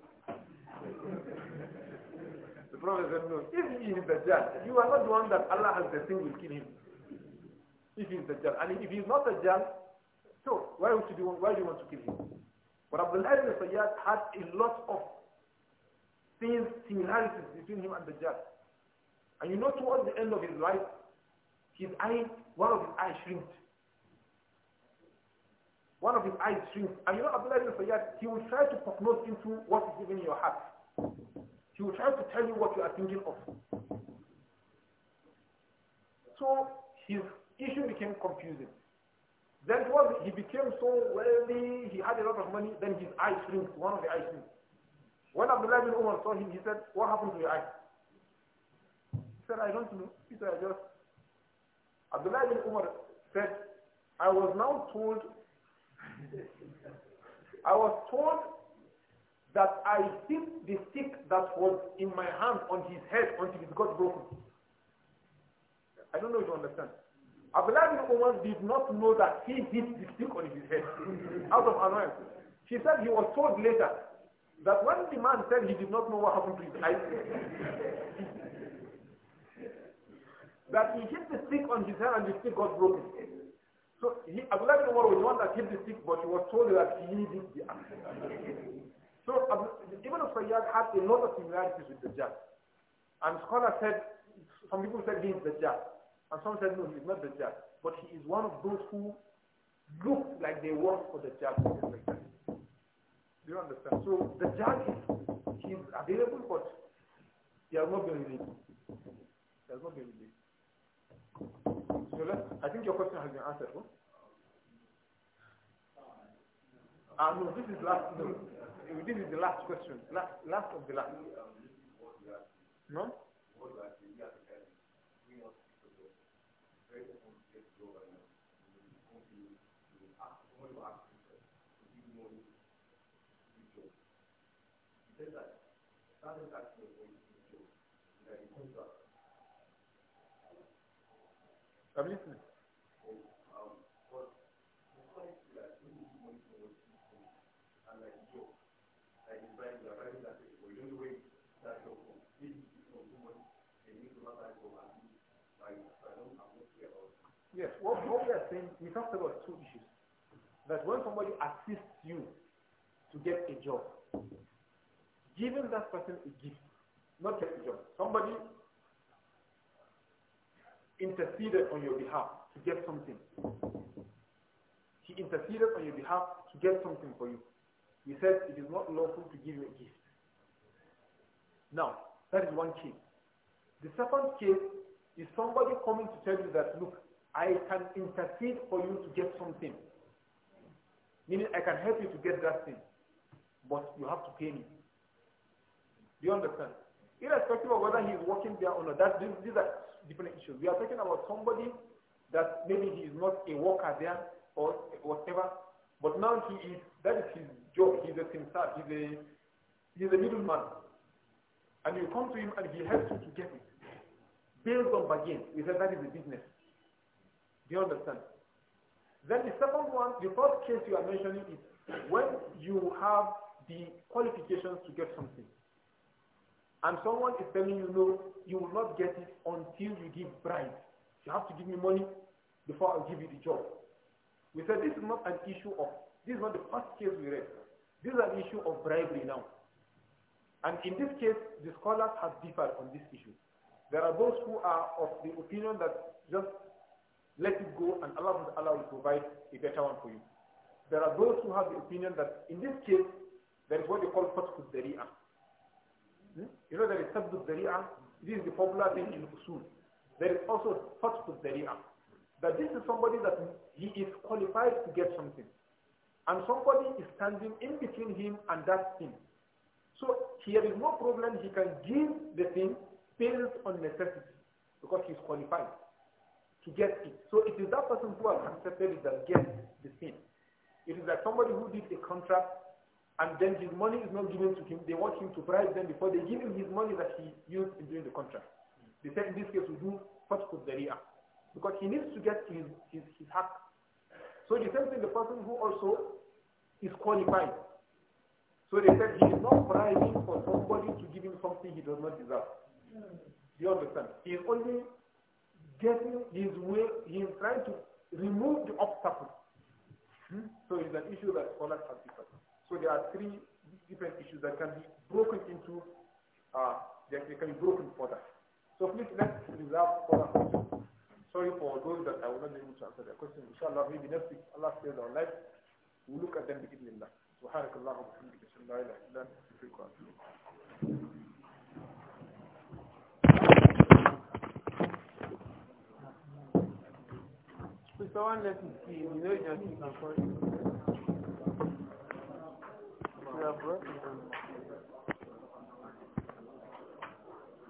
*laughs* the Prophet said, no, if he is the judge, you are not the one that Allah has the thing will kill him. If he is the judge. And if he is not judge, so why, would you, why do you want to kill him? But Abdullah ibn Sayyad had a lot of things, similarities between him and the judge. And you know towards the end of his life, his eye, one of his eyes shrinks. One of his eyes shrinks. And you know Abdullah ibn Sayyad, he will try to prognose into what is even in your heart. He will try to tell you what you are thinking of. So his issue became confusing. Then was, he became so wealthy, he had a lot of money, then his eye shrinks, one of the eyes shrinks. When Abdullah ibn Umar saw him, he said, what happened to your eye? said, I don't know. He said, I just... Abdullah bin Umar said, I was now told... *laughs* I was told that I hit the stick that was in my hand on his head until it got broken. I don't know if you understand. Abdullah bin Umar did not know that he hit the stick on his head *laughs* out of annoyance. She said he was told later that when the man said he did not know what happened to his eyes, *laughs* that he hit the stick on his hand and the stick got broken. So he, Abdullah know Umar was the one that hit the stick, but he was told that he did the action. so even Ibn Sayyad had a lot of similarities with the Dajjal. And scholars said, some people said he is the Dajjal. And some said, no, he is not the Dajjal. But he is one of those who look like they work for the Dajjal. Do you understand? So the Dajjal is he's available, but he has not been released. He has not been released. So let's, I think your question has been answered. What? Ah, no, this is last. No, this is the last question. Last, last of the last. No. Thank you. Yes, what, what we are saying, we talked about two issues. That when somebody assists you to get a job, giving that person a gift, not just a job. Somebody interceded on your behalf to get something. He interceded on your behalf to get something for you. He said, it is not lawful to give you a gift. Now, that is one case. The second case is somebody coming to tell you that, look, I can intercede for you to get something. Meaning I can help you to get that thing, but you have to pay me. Do you understand? Irrespective of whether he's working there or not, that, these, these are different issues. We are talking about somebody that maybe he is not a worker there or whatever, but now he is, that is his job, he's a himself, he's a, he's a middleman. And you come to him and he helps you to get it. Based on bargain, He said that is a business. Do you understand? Then the second one, the first case you are mentioning is when you have the qualifications to get something and someone is telling you no, you will not get it until you give bribe. You have to give me money before I'll give you the job. We said this is not an issue of, this is not the first case we read. This is an issue of bribery now. And in this case, the scholars have differed on this issue. There are those who are of the opinion that just let it go and Allah, Allah will provide a better one for you. There are those who have the opinion that in this case, there is what they call Fatkut Dari'ah. You know, there is Sabdu Dari'ah. This is the popular thing in Usul. There is also Fatfu Dari'ah. That this is somebody that he is qualified to get something. And somebody is standing in between him and that thing. So here is no problem. He can give the thing based on necessity because he is qualified to get it. So it is that person who has accepted it that gets the thing. It is that somebody who did a contract and then his money is not given to him. They want him to bribe them before they give him his money that he used in doing the contract. They said in this case we do first put the Ria because he needs to get his, his, his So the same thing, the person who also is qualified. So they said he is not bribing for somebody to give him something he does not deserve. Do you understand? He is only getting his way, he is trying to remove the obstacle. Hmm? So it's an issue that scholars have differed. So there are three different issues that can be broken into, uh, they, can be broken further. So please let's reserve further questions. Sorry for those that I will not be able to answer their questions. Inshallah, maybe next week Allah saves our life. We'll look at them in idhnillah سبحانك اللهم وبحمدك اشهد ان لا اله الا انت استغفرك واتوب اليك someone let me see, you know, just you can call ya bu